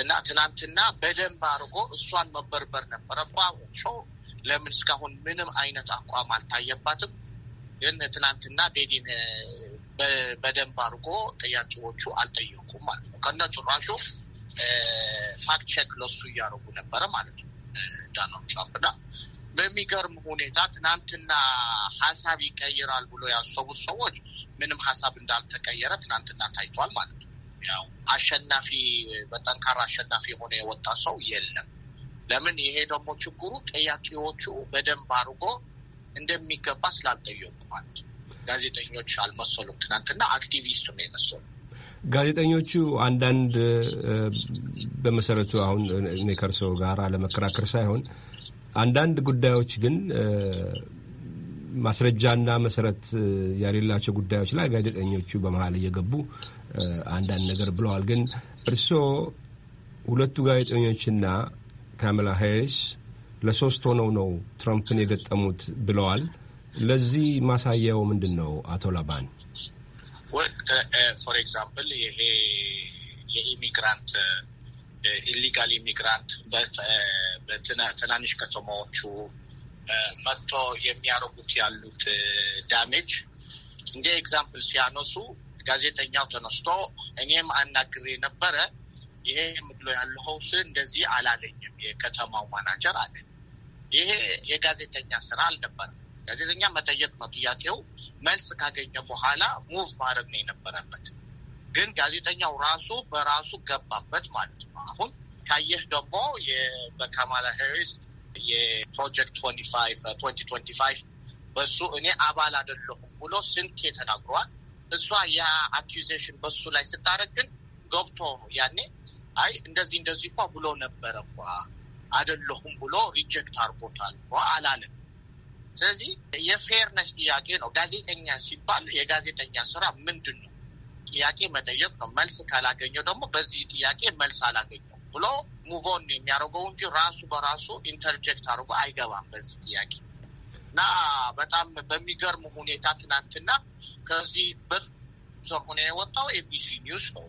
እና ትናንትና በደንብ አድርጎ እሷን መበርበር ነበረባት። ሰው ለምን እስካሁን ምንም አይነት አቋም አልታየባትም? ግን ትናንትና ቤዲን በደንብ አድርጎ ጥያቄዎቹ አልጠየቁም ማለት ነው ከነ ጭራሹ ፋክት ቼክ ለሱ እያደረጉ ነበረ ማለት ነው ዶናልድ ትራምፕ እና በሚገርም ሁኔታ ትናንትና ሀሳብ ይቀይራል ብሎ ያሰቡት ሰዎች ምንም ሀሳብ እንዳልተቀየረ ትናንትና ታይቷል ማለት ነው። ያው አሸናፊ በጠንካራ አሸናፊ የሆነ የወጣ ሰው የለም። ለምን? ይሄ ደግሞ ችግሩ ጥያቄዎቹ በደንብ አድርጎ እንደሚገባ ስላልጠየቁ ማለት ነው። ጋዜጠኞች አልመሰሉም። ትናንትና አክቲቪስት ነው የመሰሉ ጋዜጠኞቹ አንዳንድ በመሰረቱ አሁን እኔ ከእርስዎ ጋር ለመከራከር ሳይሆን አንዳንድ ጉዳዮች ግን ማስረጃና መሰረት ያሌላቸው ጉዳዮች ላይ ጋዜጠኞቹ በመሀል እየገቡ አንዳንድ ነገር ብለዋል። ግን እርስዎ ሁለቱ ጋዜጠኞችና ካሜላ ሃሪስ ለሶስት ሆነው ነው ትራምፕን የገጠሙት ብለዋል። ለዚህ ማሳያው ምንድን ነው አቶ ላባን? ፎር ኤግዛምፕል ይሄ የኢሚግራንት ኢሊጋል ኢሚግራንት በትናንሽ ከተማዎቹ መጥቶ የሚያደርጉት ያሉት ዳሜጅ uh, እንደ ኤግዛምፕል ሲያነሱ ጋዜጠኛው ተነስቶ እኔም አናግሬ ነበረ ይሄ ምድሎ ያለው እንደዚህ አላለኝም፣ የከተማው ማናጀር አለ። ይሄ የጋዜጠኛ ስራ አልነበረም። ጋዜጠኛ መጠየቅ ነው ጥያቄው። መልስ ካገኘ በኋላ ሙቭ ማድረግ ነው የነበረበት። ግን ጋዜጠኛው ራሱ በራሱ ገባበት ማለት ነው። አሁን ካየህ ደግሞ በካማላ ሄሪስ የፕሮጀክት ፋይቭ uh, በሱ እኔ አባል አይደለሁም ብሎ ስንቴ ተናግሯል። እሷ ያ አኪዜሽን በሱ ላይ ስታደርግ ግን ገብቶ ያኔ አይ እንደዚህ እንደዚህ እኳ ብሎ ነበረ እኳ አይደለሁም ብሎ ሪጀክት አርጎታል አላለም። ስለዚህ የፌርነስ ጥያቄ ነው። ጋዜጠኛ ሲባል የጋዜጠኛ ስራ ምንድን ነው? ጥያቄ መጠየቅ ነው። መልስ ካላገኘው ደግሞ በዚህ ጥያቄ መልስ አላገኘው ብሎ ሙቮን የሚያደርገው እንጂ ራሱ በራሱ ኢንተርጀክት አድርጎ አይገባም በዚህ ጥያቄ እና በጣም በሚገርም ሁኔታ ትናንትና ከዚህ ብር ሆነ የወጣው ኤቢሲ ኒውስ ነው።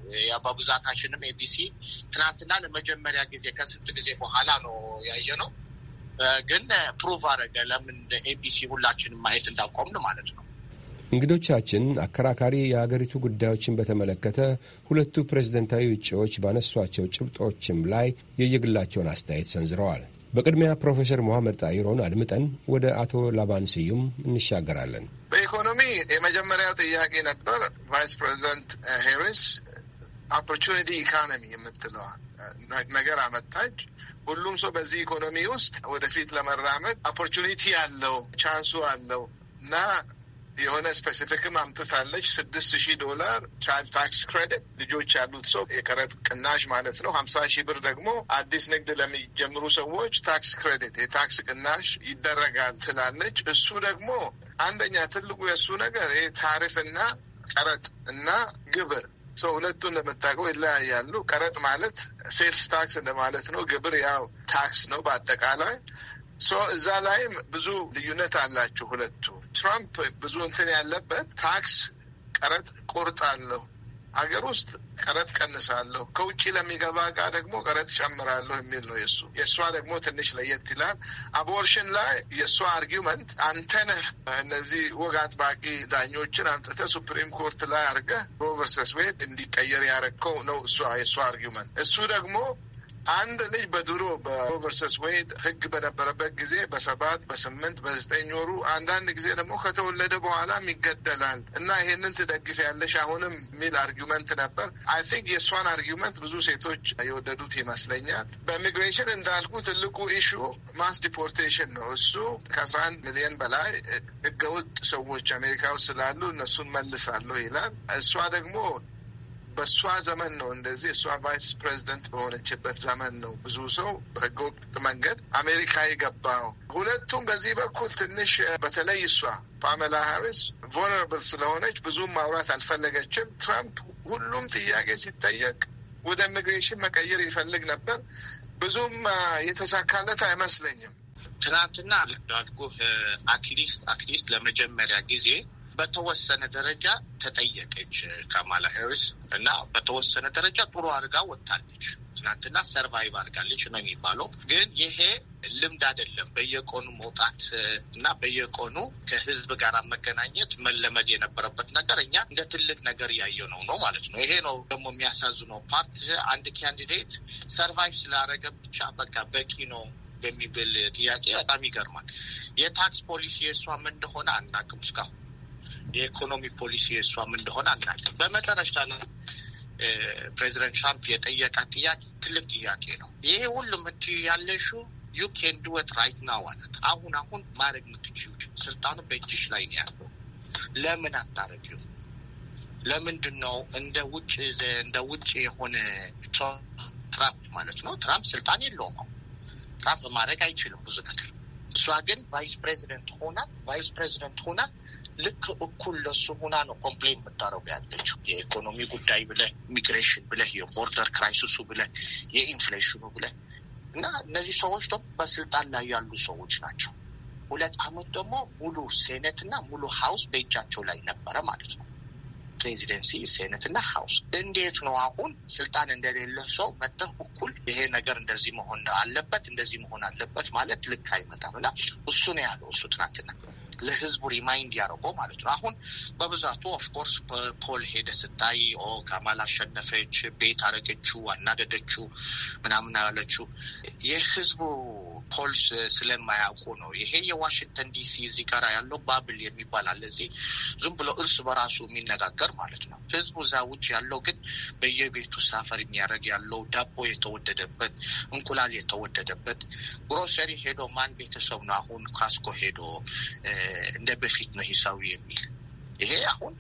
በብዛታችንም ኤቢሲ ትናንትና ለመጀመሪያ ጊዜ ከስንት ጊዜ በኋላ ነው ያየ ነው ግን ፕሩቭ አደረገ ለምን ኤቢሲ ሁላችንም ማየት እንዳቆምን ማለት ነው። እንግዶቻችን አከራካሪ የአገሪቱ ጉዳዮችን በተመለከተ ሁለቱ ፕሬዝደንታዊ እጩዎች ባነሷቸው ጭብጦችም ላይ የየግላቸውን አስተያየት ሰንዝረዋል። በቅድሚያ ፕሮፌሰር ሞሐመድ ጣይሮን አድምጠን ወደ አቶ ላባን ስዩም እንሻገራለን። በኢኮኖሚ የመጀመሪያው ጥያቄ ነበር። ቫይስ ፕሬዚደንት ሄሪስ ኦፖርቹኒቲ ኢኮኖሚ የምትለዋል ነገር አመጣች። ሁሉም ሰው በዚህ ኢኮኖሚ ውስጥ ወደፊት ለመራመድ ኦፖርቹኒቲ አለው፣ ቻንሱ አለው እና የሆነ ስፔሲፊክም አምጥታለች። ስድስት ሺህ ዶላር ቻይልድ ታክስ ክሬዲት ልጆች ያሉት ሰው የቀረጥ ቅናሽ ማለት ነው። ሀምሳ ሺህ ብር ደግሞ አዲስ ንግድ ለሚጀምሩ ሰዎች ታክስ ክሬዲት የታክስ ቅናሽ ይደረጋል ትላለች። እሱ ደግሞ አንደኛ ትልቁ የእሱ ነገር ይህ ታሪፍና ቀረጥ እና ግብር ሰው ሁለቱን ለመታቀው ይለያያሉ። ቀረጥ ማለት ሴልስ ታክስ እንደማለት ነው። ግብር ያው ታክስ ነው በአጠቃላይ እዛ ላይም ብዙ ልዩነት አላቸው ሁለቱ። ትራምፕ ብዙ እንትን ያለበት ታክስ ቀረጥ ቆርጣለሁ አገር ውስጥ ቀረጥ ቀንሳለሁ፣ ከውጭ ለሚገባ እቃ ደግሞ ቀረጥ ጨምራለሁ የሚል ነው የእሱ። የእሷ ደግሞ ትንሽ ለየት ይላል። አቦርሽን ላይ የእሷ አርጊመንት አንተ እነዚህ ወግ አጥባቂ ዳኞችን አምጥተህ ሱፕሪም ኮርት ላይ አድርገህ ቨርሰስ ዌድ እንዲቀየር ያረግከው ነው እሷ የእሷ አርጊመንት። እሱ ደግሞ አንድ ልጅ በድሮ በሮቨርሰስ ወይድ ህግ በነበረበት ጊዜ በሰባት በስምንት በዘጠኝ ወሩ አንዳንድ ጊዜ ደግሞ ከተወለደ በኋላም ይገደላል እና ይሄንን ትደግፍ ያለሽ አሁንም የሚል አርጊመንት ነበር። አይ ቲንክ የእሷን አርጊመንት ብዙ ሴቶች የወደዱት ይመስለኛል። በኢሚግሬሽን እንዳልኩ ትልቁ ኢሹ ማስ ዲፖርቴሽን ነው። እሱ ከአስራ አንድ ሚሊዮን በላይ ህገወጥ ሰዎች አሜሪካ ውስጥ ስላሉ እነሱን መልሳለሁ ይላል። እሷ ደግሞ በእሷ ዘመን ነው እንደዚህ እሷ ቫይስ ፕሬዚደንት በሆነችበት ዘመን ነው ብዙ ሰው በህገ መንገድ አሜሪካ የገባው። ሁለቱም በዚህ በኩል ትንሽ በተለይ እሷ ፓሜላ ሃሪስ ቮነራብል ስለሆነች ብዙም ማውራት አልፈለገችም። ትራምፕ ሁሉም ጥያቄ ሲጠየቅ ወደ ኢሚግሬሽን መቀየር ይፈልግ ነበር። ብዙም የተሳካለት አይመስለኝም። ትናንትና እንዳልኩህ አትሊስት አትሊስት ለመጀመሪያ ጊዜ በተወሰነ ደረጃ ተጠየቀች ካማላ ሄሪስ እና በተወሰነ ደረጃ ጥሩ አድርጋ ወጥታለች። ትናንትና ሰርቫይቭ አድርጋለች ነው የሚባለው። ግን ይሄ ልምድ አይደለም። በየቀኑ መውጣት እና በየቀኑ ከህዝብ ጋር መገናኘት መለመድ የነበረበት ነገር እኛ እንደ ትልቅ ነገር ያየ ነው ነው ማለት ነው። ይሄ ነው ደግሞ የሚያሳዝነው ፓርት አንድ ካንዲዴት ሰርቫይቭ ስላደረገ ብቻ በቃ በቂ ነው በሚብል ጥያቄ በጣም ይገርማል። የታክስ ፖሊሲ የእሷም እንደሆነ አናውቅም እስካሁን የኢኮኖሚ ፖሊሲ የእሷም እንደሆነ አናውቅም። በመጨረሻ ላይ ፕሬዚደንት ትራምፕ የጠየቃት ጥያቄ ትልቅ ጥያቄ ነው። ይሄ ሁሉም እት ያለሹ ዩ ኬን ዱ ኢት ራይት ናው አለት። አሁን አሁን ማድረግ የምትችይው ስልጣኑ በእጅሽ ላይ ነው ያለው፣ ለምን አታረጊው? ለምንድን ነው እንደ ውጭ እንደ ውጭ የሆነ ትራምፕ ማለት ነው። ትራምፕ ስልጣን የለውም ትራምፕ ማድረግ አይችልም ብዙ ነገር። እሷ ግን ቫይስ ፕሬዚደንት ሆና ቫይስ ፕሬዚደንት ሆና ልክ እኩል ለሱ ሁና ነው ኮምፕሌን የምታደረጉ ያለችው። የኢኮኖሚ ጉዳይ ብለ፣ ኢሚግሬሽን ብለ፣ የቦርደር ክራይሲሱ ብለ፣ የኢንፍሌሽኑ ብለ እና እነዚህ ሰዎች ደግሞ በስልጣን ላይ ያሉ ሰዎች ናቸው። ሁለት አመት ደግሞ ሙሉ ሴኔት እና ሙሉ ሀውስ በእጃቸው ላይ ነበረ ማለት ነው። ፕሬዚደንሲ፣ ሴኔት እና ሀውስ። እንዴት ነው አሁን ስልጣን እንደሌለ ሰው መጠን እኩል ይሄ ነገር እንደዚህ መሆን አለበት እንደዚህ መሆን አለበት ማለት ልክ አይመጣም እና እሱ ነው ያለው እሱ ትናንትና ለህዝቡ ሪማይንድ ያደረገው ማለት ነው። አሁን በብዛቱ ኦፍኮርስ ፖል ሄደ ስታይ ኦ ካማል አሸነፈች፣ ቤት አረገችው፣ አናደደችው፣ ምናምን አለችው የህዝቡ ፖልስ ስለማያውቁ ነው። ይሄ የዋሽንግተን ዲሲ እዚህ ጋር ያለው ባብል የሚባል አለ። እዚህ ዝም ብሎ እርስ በራሱ የሚነጋገር ማለት ነው። ህዝቡ እዛ ውጭ ያለው ግን በየቤቱ ሳፈር የሚያደርግ ያለው ዳቦ የተወደደበት፣ እንቁላል የተወደደበት ግሮሰሪ ሄዶ ማን ቤተሰብ ነው አሁን ካስኮ ሄዶ እንደ በፊት ነው ሂሳዊ የሚል ይሄ አሁን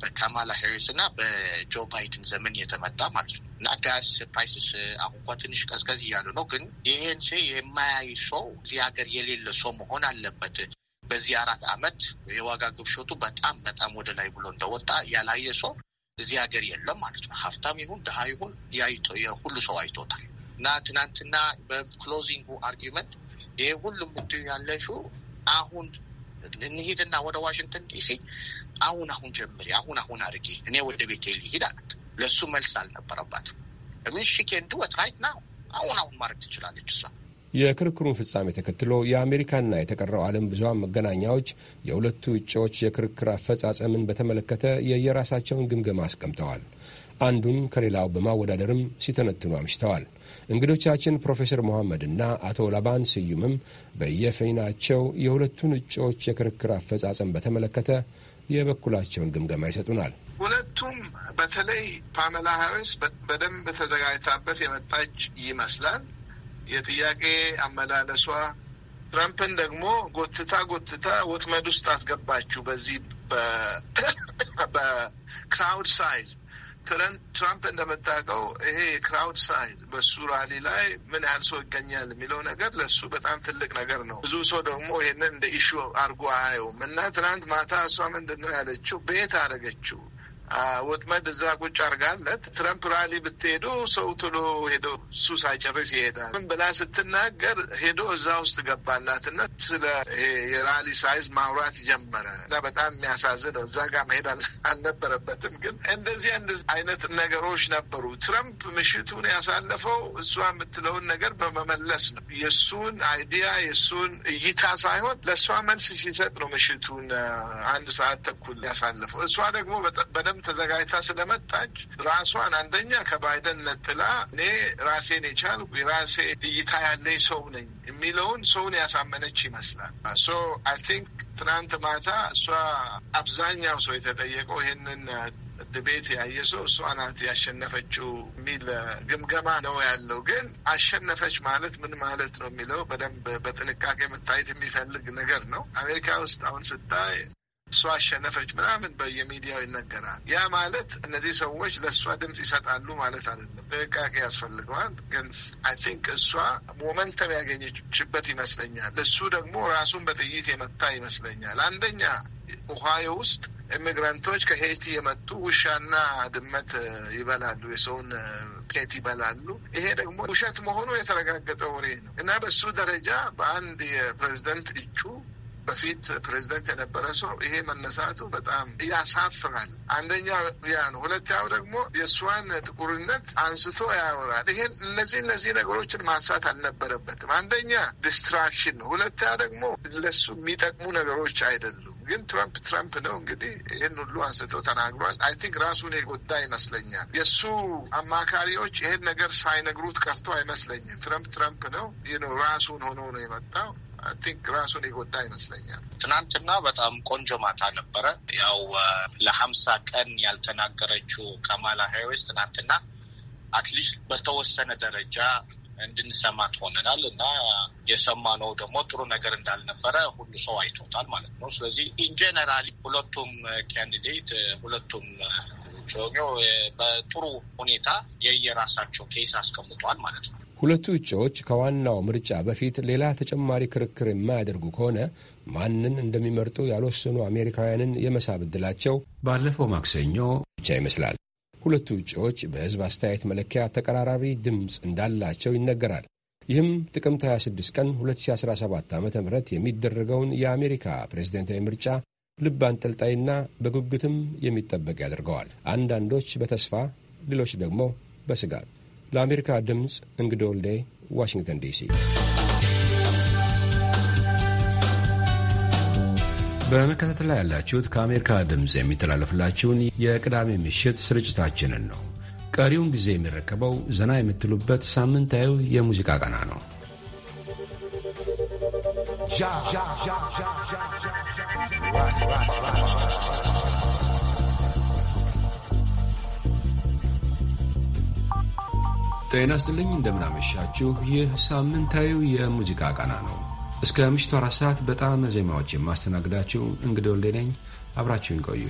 በካማላ ሄሪስ እና በጆ ባይደን ዘመን የተመጣ ማለት ነው እና ጋስ ፕራይስስ አሁን እንኳ ትንሽ ቀዝቀዝ እያሉ ነው። ግን ይሄን ሴ የማያይ ሰው እዚህ ሀገር የሌለ ሰው መሆን አለበት። በዚህ አራት አመት የዋጋ ግብሾቱ በጣም በጣም ወደ ላይ ብሎ እንደወጣ ያላየ ሰው እዚህ ሀገር የለም ማለት ነው። ሀብታም ይሁን ድሃ ይሁን ሁሉ ሰው አይቶታል። እና ትናንትና በክሎዚንጉ አርጊመንት ይሄ ሁሉ ምድ ያለሹ አሁን እንሂድና ወደ ዋሽንግተን ዲሲ አሁን አሁን ጀምሪ፣ አሁን አሁን አድርጌ እኔ ወደ ቤቴ ልሂድ አላት። ለእሱ መልስ አልነበረባትም። ምን ሽኬን ድወት ራይት ና አሁን አሁን ማድረግ ትችላለች እሷ። የክርክሩን ፍጻሜ ተከትሎ የአሜሪካና የተቀረው ዓለም ብዙሀን መገናኛዎች የሁለቱ እጩዎች የክርክር አፈጻጸምን በተመለከተ የየራሳቸውን ግምገማ አስቀምጠዋል። አንዱን ከሌላው በማወዳደርም ሲተነትኑ አምሽተዋል። እንግዶቻችን ፕሮፌሰር መሐመድና አቶ ላባን ስዩምም በየፊናቸው የሁለቱን እጩዎች የክርክር አፈጻጸም በተመለከተ የበኩላቸውን ግምገማ ይሰጡናል። ሁለቱም በተለይ ፓመላ ሀሪስ በደንብ ተዘጋጅታበት የመጣች ይመስላል። የጥያቄ አመላለሷ ትራምፕን ደግሞ ጎትታ ጎትታ ወጥመድ ውስጥ አስገባችሁ። በዚህ በክራውድ ሳይዝ ትራምፕ እንደምታውቀው ይሄ ክራውድ ሳይድ በሱ ራሊ ላይ ምን ያህል ሰው ይገኛል የሚለው ነገር ለሱ በጣም ትልቅ ነገር ነው። ብዙ ሰው ደግሞ ይሄንን እንደ ኢሹ አድርጎ አየውም እና ትናንት ማታ እሷ ምንድን ነው ያለችው ቤት አደረገችው ወጥመድ እዛ ቁጭ አርጋለት ትረምፕ ራሊ ብትሄዱ ሰው ቶሎ ሄዶ እሱ ሳይጨርስ ይሄዳል ብላ ስትናገር ሄዶ እዛ ውስጥ ገባላትና ስለ የራሊ ሳይዝ ማውራት ጀመረ እና በጣም የሚያሳዝን ነው። እዛ ጋር መሄድ አልነበረበትም። ግን እንደዚህ አይነት ነገሮች ነበሩ። ትረምፕ ምሽቱን ያሳለፈው እሷ የምትለውን ነገር በመመለስ ነው። የእሱን አይዲያ የእሱን እይታ ሳይሆን ለእሷ መልስ ሲሰጥ ነው ምሽቱን አንድ ሰዓት ተኩል ያሳለፈው። እሷ ደግሞ በደንብ ተዘጋጅታ ስለመጣች ራሷን አንደኛ ከባይደን ነጥላ እኔ ራሴን የቻልኩ የራሴ እይታ ያለኝ ሰው ነኝ የሚለውን ሰውን ያሳመነች ይመስላል። ሶ አይ ቲንክ ትናንት ማታ እሷ አብዛኛው ሰው የተጠየቀው ይህንን ድቤት ያየ ሰው እሷ ናት ያሸነፈችው የሚል ግምገማ ነው ያለው። ግን አሸነፈች ማለት ምን ማለት ነው የሚለው በደንብ በጥንቃቄ መታየት የሚፈልግ ነገር ነው። አሜሪካ ውስጥ አሁን ስታይ እሷ አሸነፈች ምናምን በየሚዲያው ይነገራል። ያ ማለት እነዚህ ሰዎች ለእሷ ድምፅ ይሰጣሉ ማለት አይደለም። ጥንቃቄ ያስፈልገዋል። ግን አይ ቲንክ እሷ ሞመንተም ያገኘችበት ይመስለኛል። እሱ ደግሞ ራሱን በጥይት የመታ ይመስለኛል። አንደኛ ኦሃዮ ውስጥ ኢሚግራንቶች ከሄይቲ የመጡ ውሻና ድመት ይበላሉ፣ የሰውን ፔት ይበላሉ። ይሄ ደግሞ ውሸት መሆኑ የተረጋገጠ ወሬ ነው እና በሱ ደረጃ በአንድ የፕሬዚደንት እጩ በፊት ፕሬዚደንት የነበረ ሰው ይሄ መነሳቱ በጣም ያሳፍራል። አንደኛ ያ ነው። ሁለተኛው ደግሞ የእሷን ጥቁርነት አንስቶ ያወራል። ይሄን እነዚህ እነዚህ ነገሮችን ማንሳት አልነበረበትም። አንደኛ ዲስትራክሽን ነው። ሁለተኛ ደግሞ ለሱ የሚጠቅሙ ነገሮች አይደሉም። ግን ትራምፕ ትራምፕ ነው እንግዲህ ይህን ሁሉ አንስቶ ተናግሯል። አይ ቲንክ ራሱን የጎዳ ይመስለኛል። የእሱ አማካሪዎች ይህን ነገር ሳይነግሩት ቀርቶ አይመስለኝም። ትራምፕ ትራምፕ ነው ራሱን ሆኖ ነው የመጣው። አይ ቲንክ ራሱን የጎዳ ይመስለኛል። ትናንትና በጣም ቆንጆ ማታ ነበረ። ያው uh, ለሀምሳ ቀን ያልተናገረችው ካማላ ሃሪስ ትናንትና አትሊስት በተወሰነ ደረጃ እንድንሰማት ሆነናል እና የሰማነው ደግሞ ጥሩ ነገር እንዳልነበረ ሁሉ ሰው አይቶታል ማለት ነው። ስለዚህ ኢንጀነራል ሁለቱም ካንዲዴት uh, uh, ሁለቱም በጥሩ ሁኔታ የየራሳቸው ኬስ አስቀምጧል ማለት ነው። ሁለቱ እጩዎች ከዋናው ምርጫ በፊት ሌላ ተጨማሪ ክርክር የማያደርጉ ከሆነ ማንን እንደሚመርጡ ያልወሰኑ አሜሪካውያንን የመሳብ ዕድላቸው ባለፈው ማክሰኞ ብቻ ይመስላል። ሁለቱ እጩዎች በሕዝብ አስተያየት መለኪያ ተቀራራቢ ድምፅ እንዳላቸው ይነገራል። ይህም ጥቅምት 26 ቀን 2017 ዓ ም የሚደረገውን የአሜሪካ ፕሬዝደንታዊ ምርጫ ልብ አንጠልጣይና በጉጉትም የሚጠበቅ ያደርገዋል። አንዳንዶች በተስፋ ሌሎች ደግሞ በስጋት ለአሜሪካ ድምፅ እንግዶ ወልዴ ዋሽንግተን ዲሲ። በመከታተል ላይ ያላችሁት ከአሜሪካ ድምፅ የሚተላለፍላችሁን የቅዳሜ ምሽት ስርጭታችንን ነው። ቀሪውን ጊዜ የሚረከበው ዘና የምትሉበት ሳምንታዊ የሙዚቃ ቀና ነው። ja, ja, ja, ja, ja ጤና ይስጥልኝ እንደምናመሻችሁ። ይህ ሳምንታዊ የሙዚቃ ቃና ነው። እስከ ምሽቱ አራት ሰዓት በጣም ዜማዎች የማስተናግዳችሁ እንግዲህ ወልዴ ነኝ። አብራችሁን ቆዩ።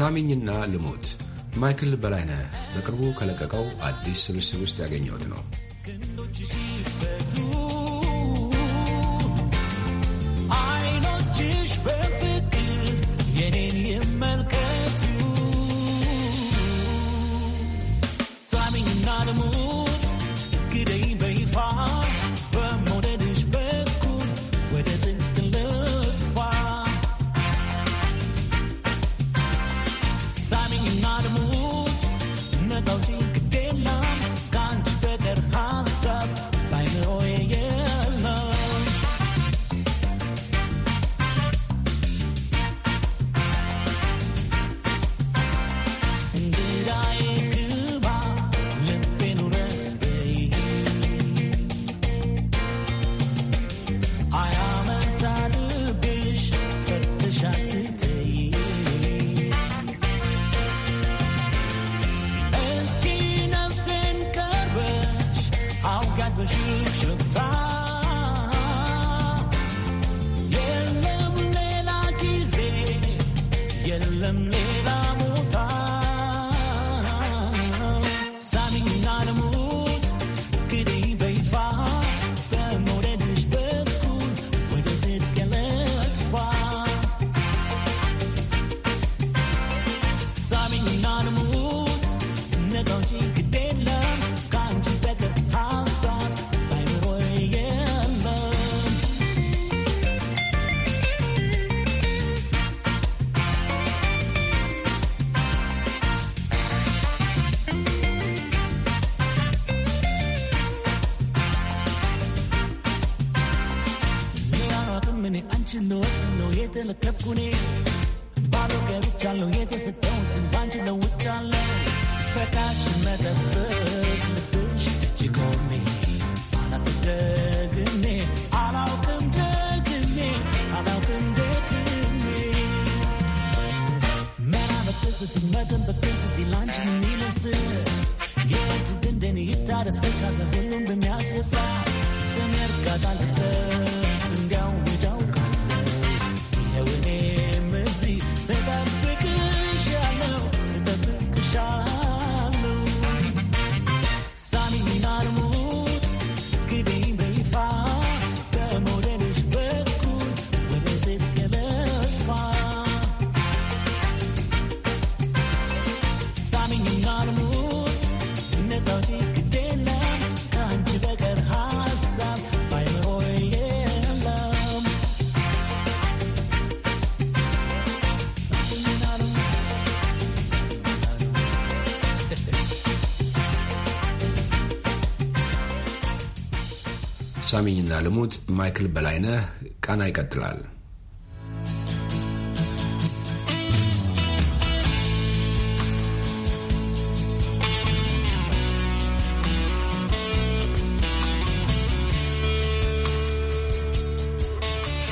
ሳሚኝና ልሞት ማይክል በላይነ በቅርቡ ከለቀቀው አዲስ ስብስብ ውስጥ ያገኘሁት ነው። አይኖችሽ በፍቅር የኔን ይመልከ Kadın bakınsız ilancın nilesi Yıkıldı günden iyi tarız Pekazı bunun dünyası Tener kadar ልሙት ማይክል በላይነህ ቃና ይቀጥላል።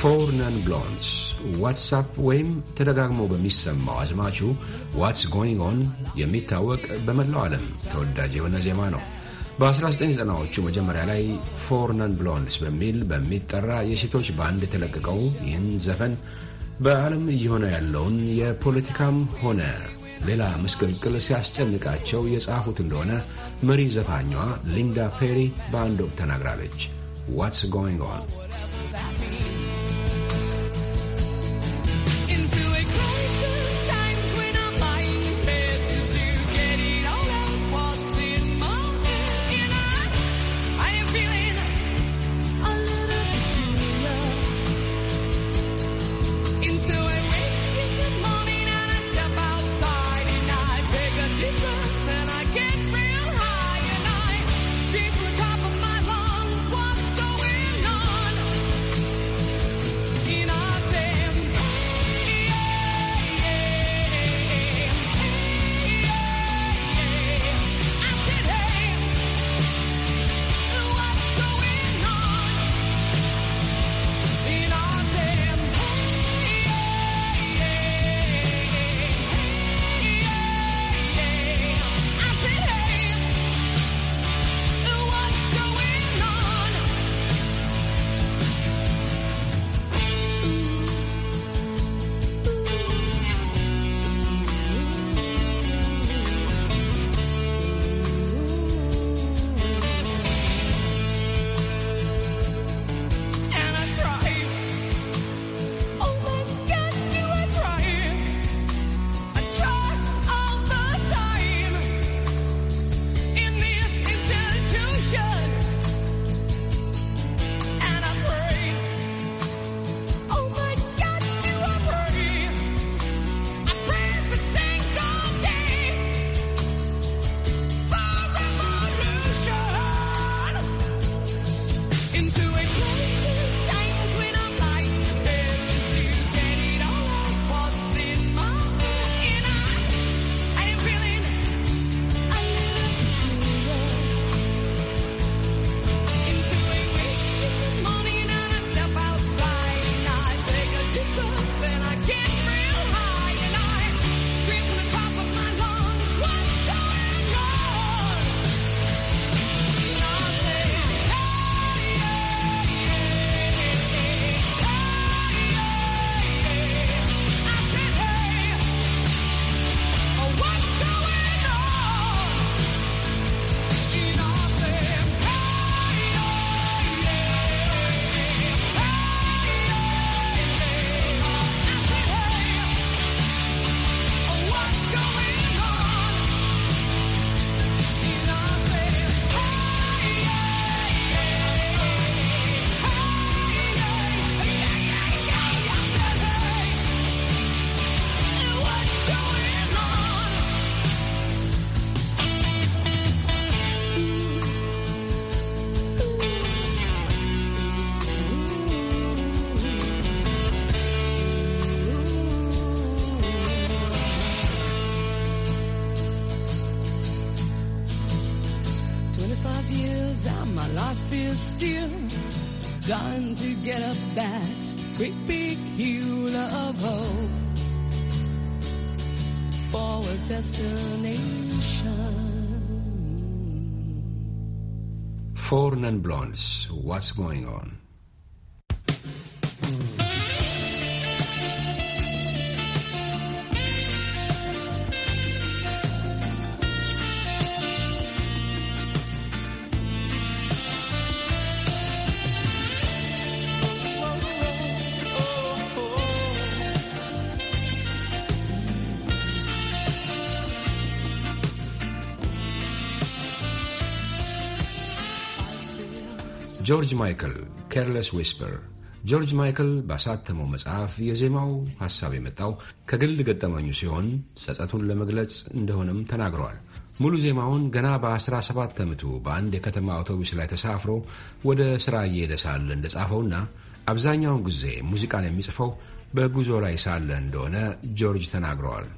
ፎር ነን ብሎንስ ዋትሳፕ ወይም ተደጋግሞ በሚሰማው አዝማቹ ዋትስ ጎይንግ ኦን የሚታወቅ በመላው ዓለም ተወዳጅ የሆነ ዜማ ነው። በ1990ዎቹ መጀመሪያ ላይ ፎር ነን ብሎንድስ በሚል በሚጠራ የሴቶች ባንድ የተለቀቀው ይህን ዘፈን በዓለም እየሆነ ያለውን የፖለቲካም ሆነ ሌላ ምስቅልቅል ሲያስጨንቃቸው የጻፉት እንደሆነ መሪ ዘፋኟ ሊንዳ ፔሪ በአንድ ወቅት ተናግራለች። ዋትስ ጎይንግ ኦን into a crisis what's going on. ጆርጅ ማይክል ኬርለስ ዊስፐር። ጆርጅ ማይክል ባሳተመው መጽሐፍ የዜማው ሐሳብ የመጣው ከግል ገጠመኙ ሲሆን ጸጸቱን ለመግለጽ እንደሆነም ተናግረዋል። ሙሉ ዜማውን ገና በ17 ዓመቱ በአንድ የከተማ አውቶቡስ ላይ ተሳፍሮ ወደ ሥራ እየሄደ ሳለ እንደጻፈውና አብዛኛውን ጊዜ ሙዚቃን የሚጽፈው በጉዞ ላይ ሳለ እንደሆነ ጆርጅ ተናግረዋል።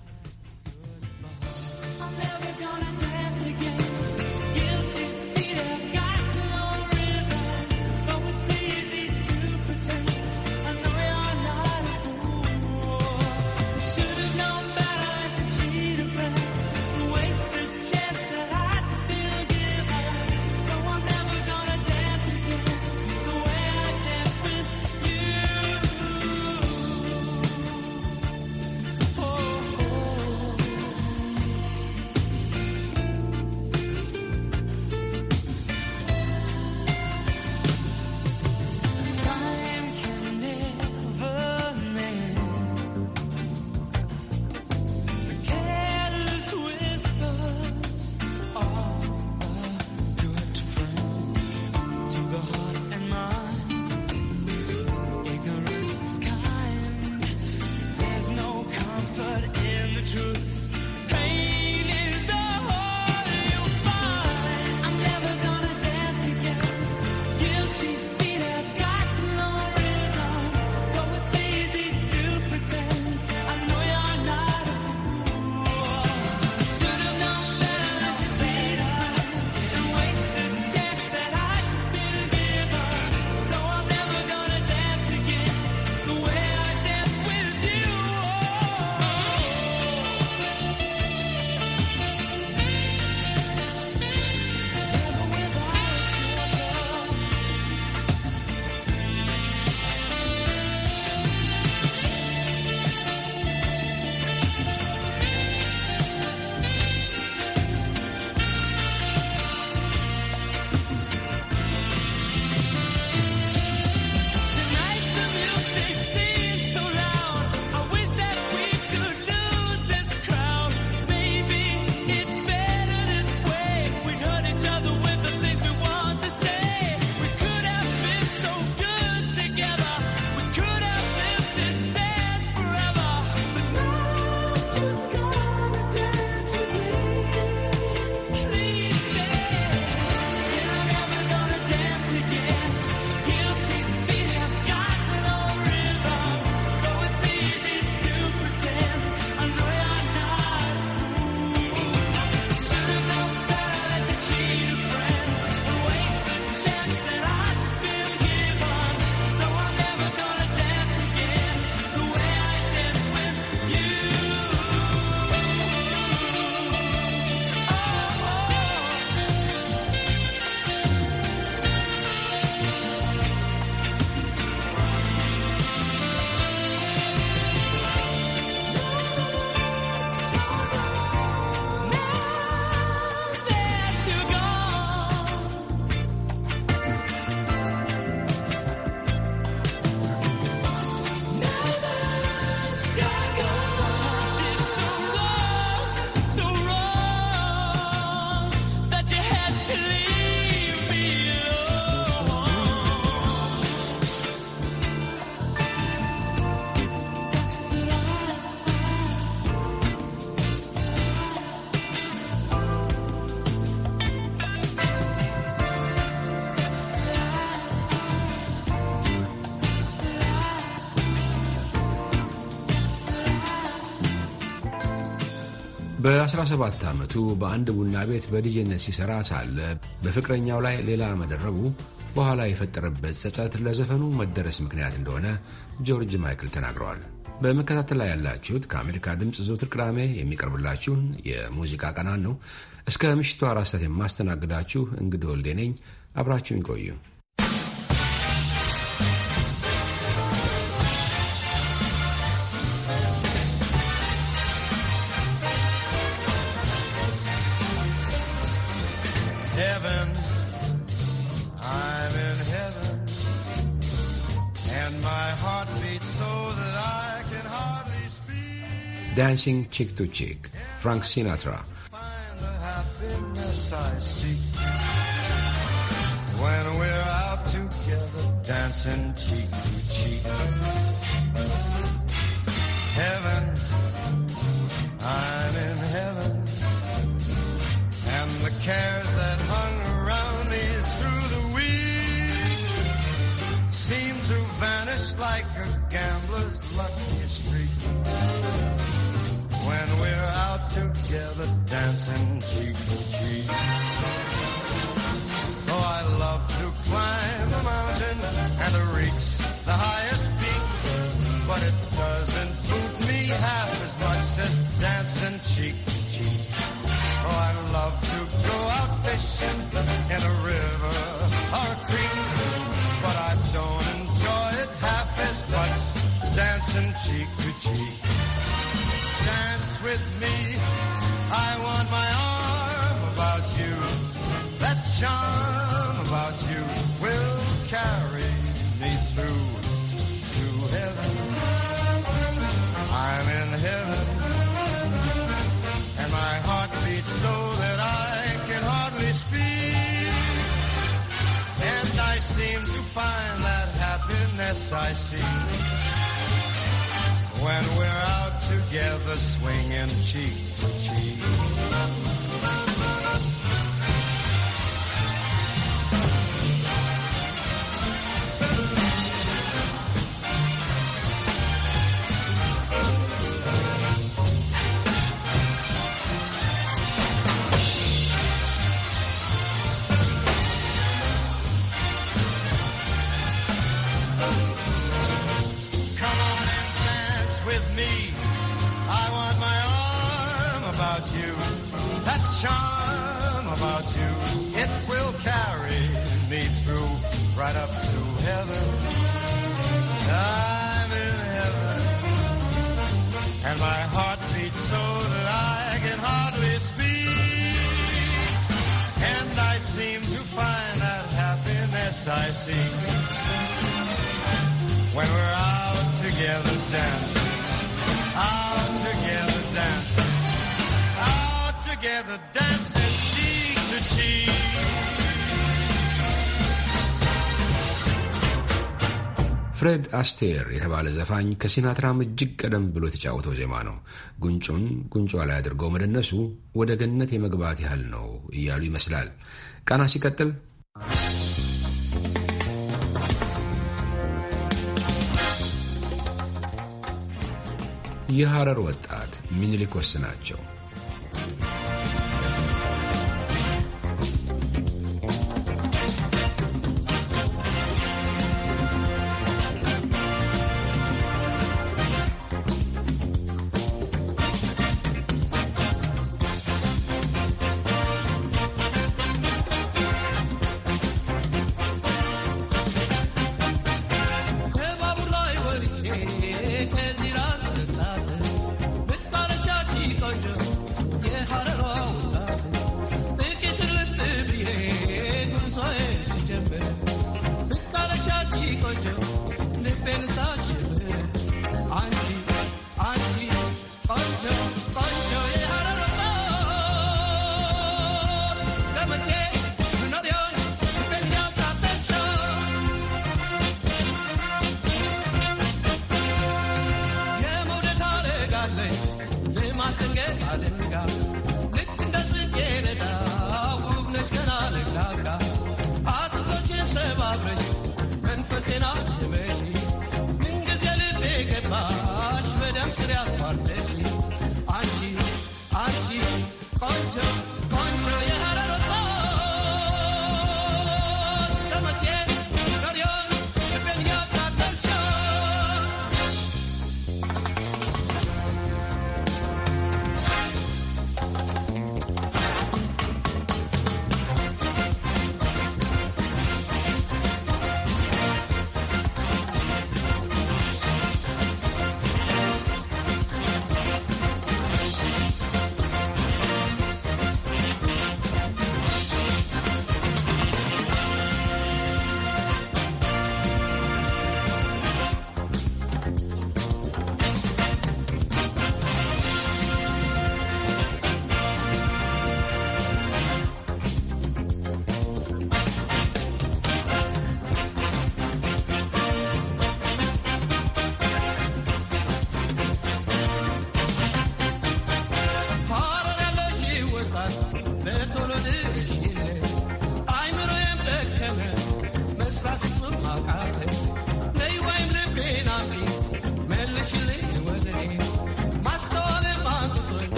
በ17 ዓመቱ በአንድ ቡና ቤት በልጅነት ሲሠራ ሳለ በፍቅረኛው ላይ ሌላ መደረቡ በኋላ የፈጠረበት ጸጸት ለዘፈኑ መደረስ ምክንያት እንደሆነ ጆርጅ ማይክል ተናግረዋል። በመከታተል ላይ ያላችሁት ከአሜሪካ ድምፅ ዘውትር ቅዳሜ የሚቀርብላችሁን የሙዚቃ ቀናን ነው። እስከ ምሽቱ አራት ሰዓት የማስተናግዳችሁ እንግዲህ ወልዴ ነኝ። አብራችሁን ይቆዩ dancing cheek to cheek, Frank Sinatra. When we're out together, dancing cheek to cheek. Heaven, I'm in heaven, and the cares And cheek. ፍሬድ አስቴር የተባለ ዘፋኝ ከሲናትራም እጅግ ቀደም ብሎ የተጫወተው ዜማ ነው። ጉንጩን ጉንጯ ላይ አድርገው መደነሱ ወደ ገነት የመግባት ያህል ነው እያሉ ይመስላል። ቃና ሲቀጥል የሐረር ወጣት ሚኒሊክ ናቸው።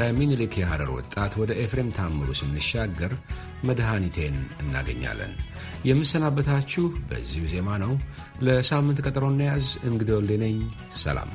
ከሚኒሊክ የሐረር ወጣት ወደ ኤፍሬም ታምሩ ስንሻገር መድኃኒቴን እናገኛለን። የምሰናበታችሁ በዚሁ ዜማ ነው። ለሳምንት ቀጠሮ እናያዝ። እንግዲህ ነኝ። ሰላም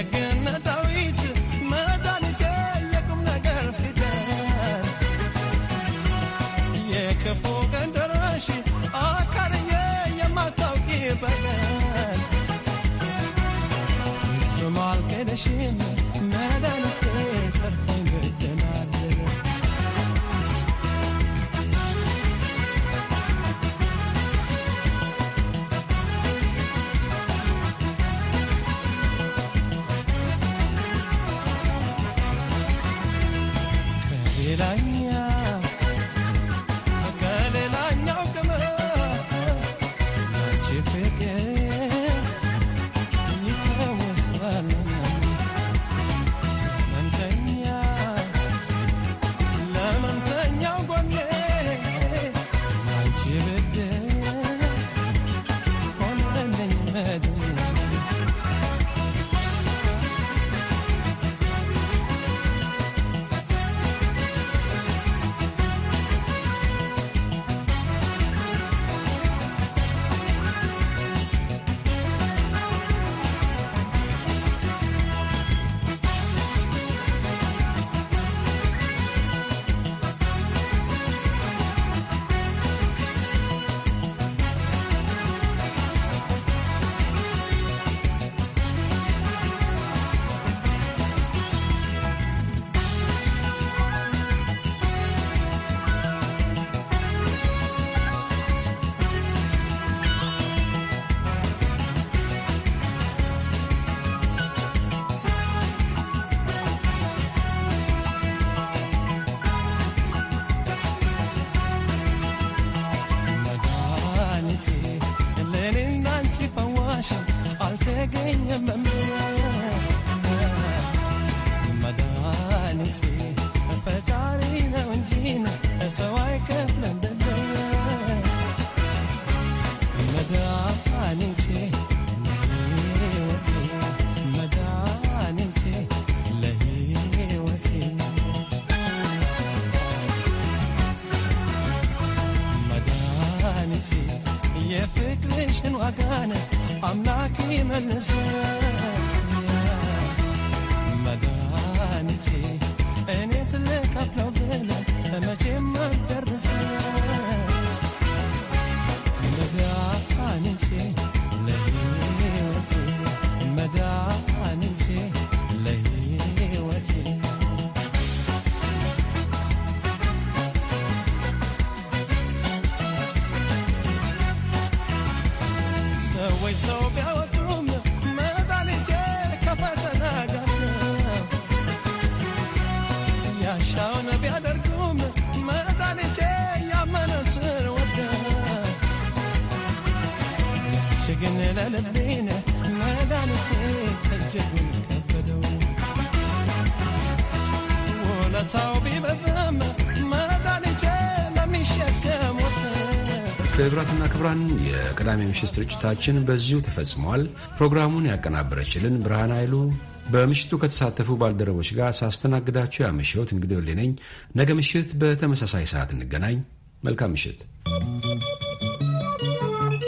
again. ክቡራትና ክብራን የቅዳሜ ምሽት ስርጭታችን በዚሁ ተፈጽሟል። ፕሮግራሙን ያቀናበረችልን ብርሃን ኃይሉ፣ በምሽቱ ከተሳተፉ ባልደረቦች ጋር ሳስተናግዳችሁ ያመሸሁት እንግዲህ ሌነኝ። ነገ ምሽት በተመሳሳይ ሰዓት እንገናኝ። መልካም ምሽት።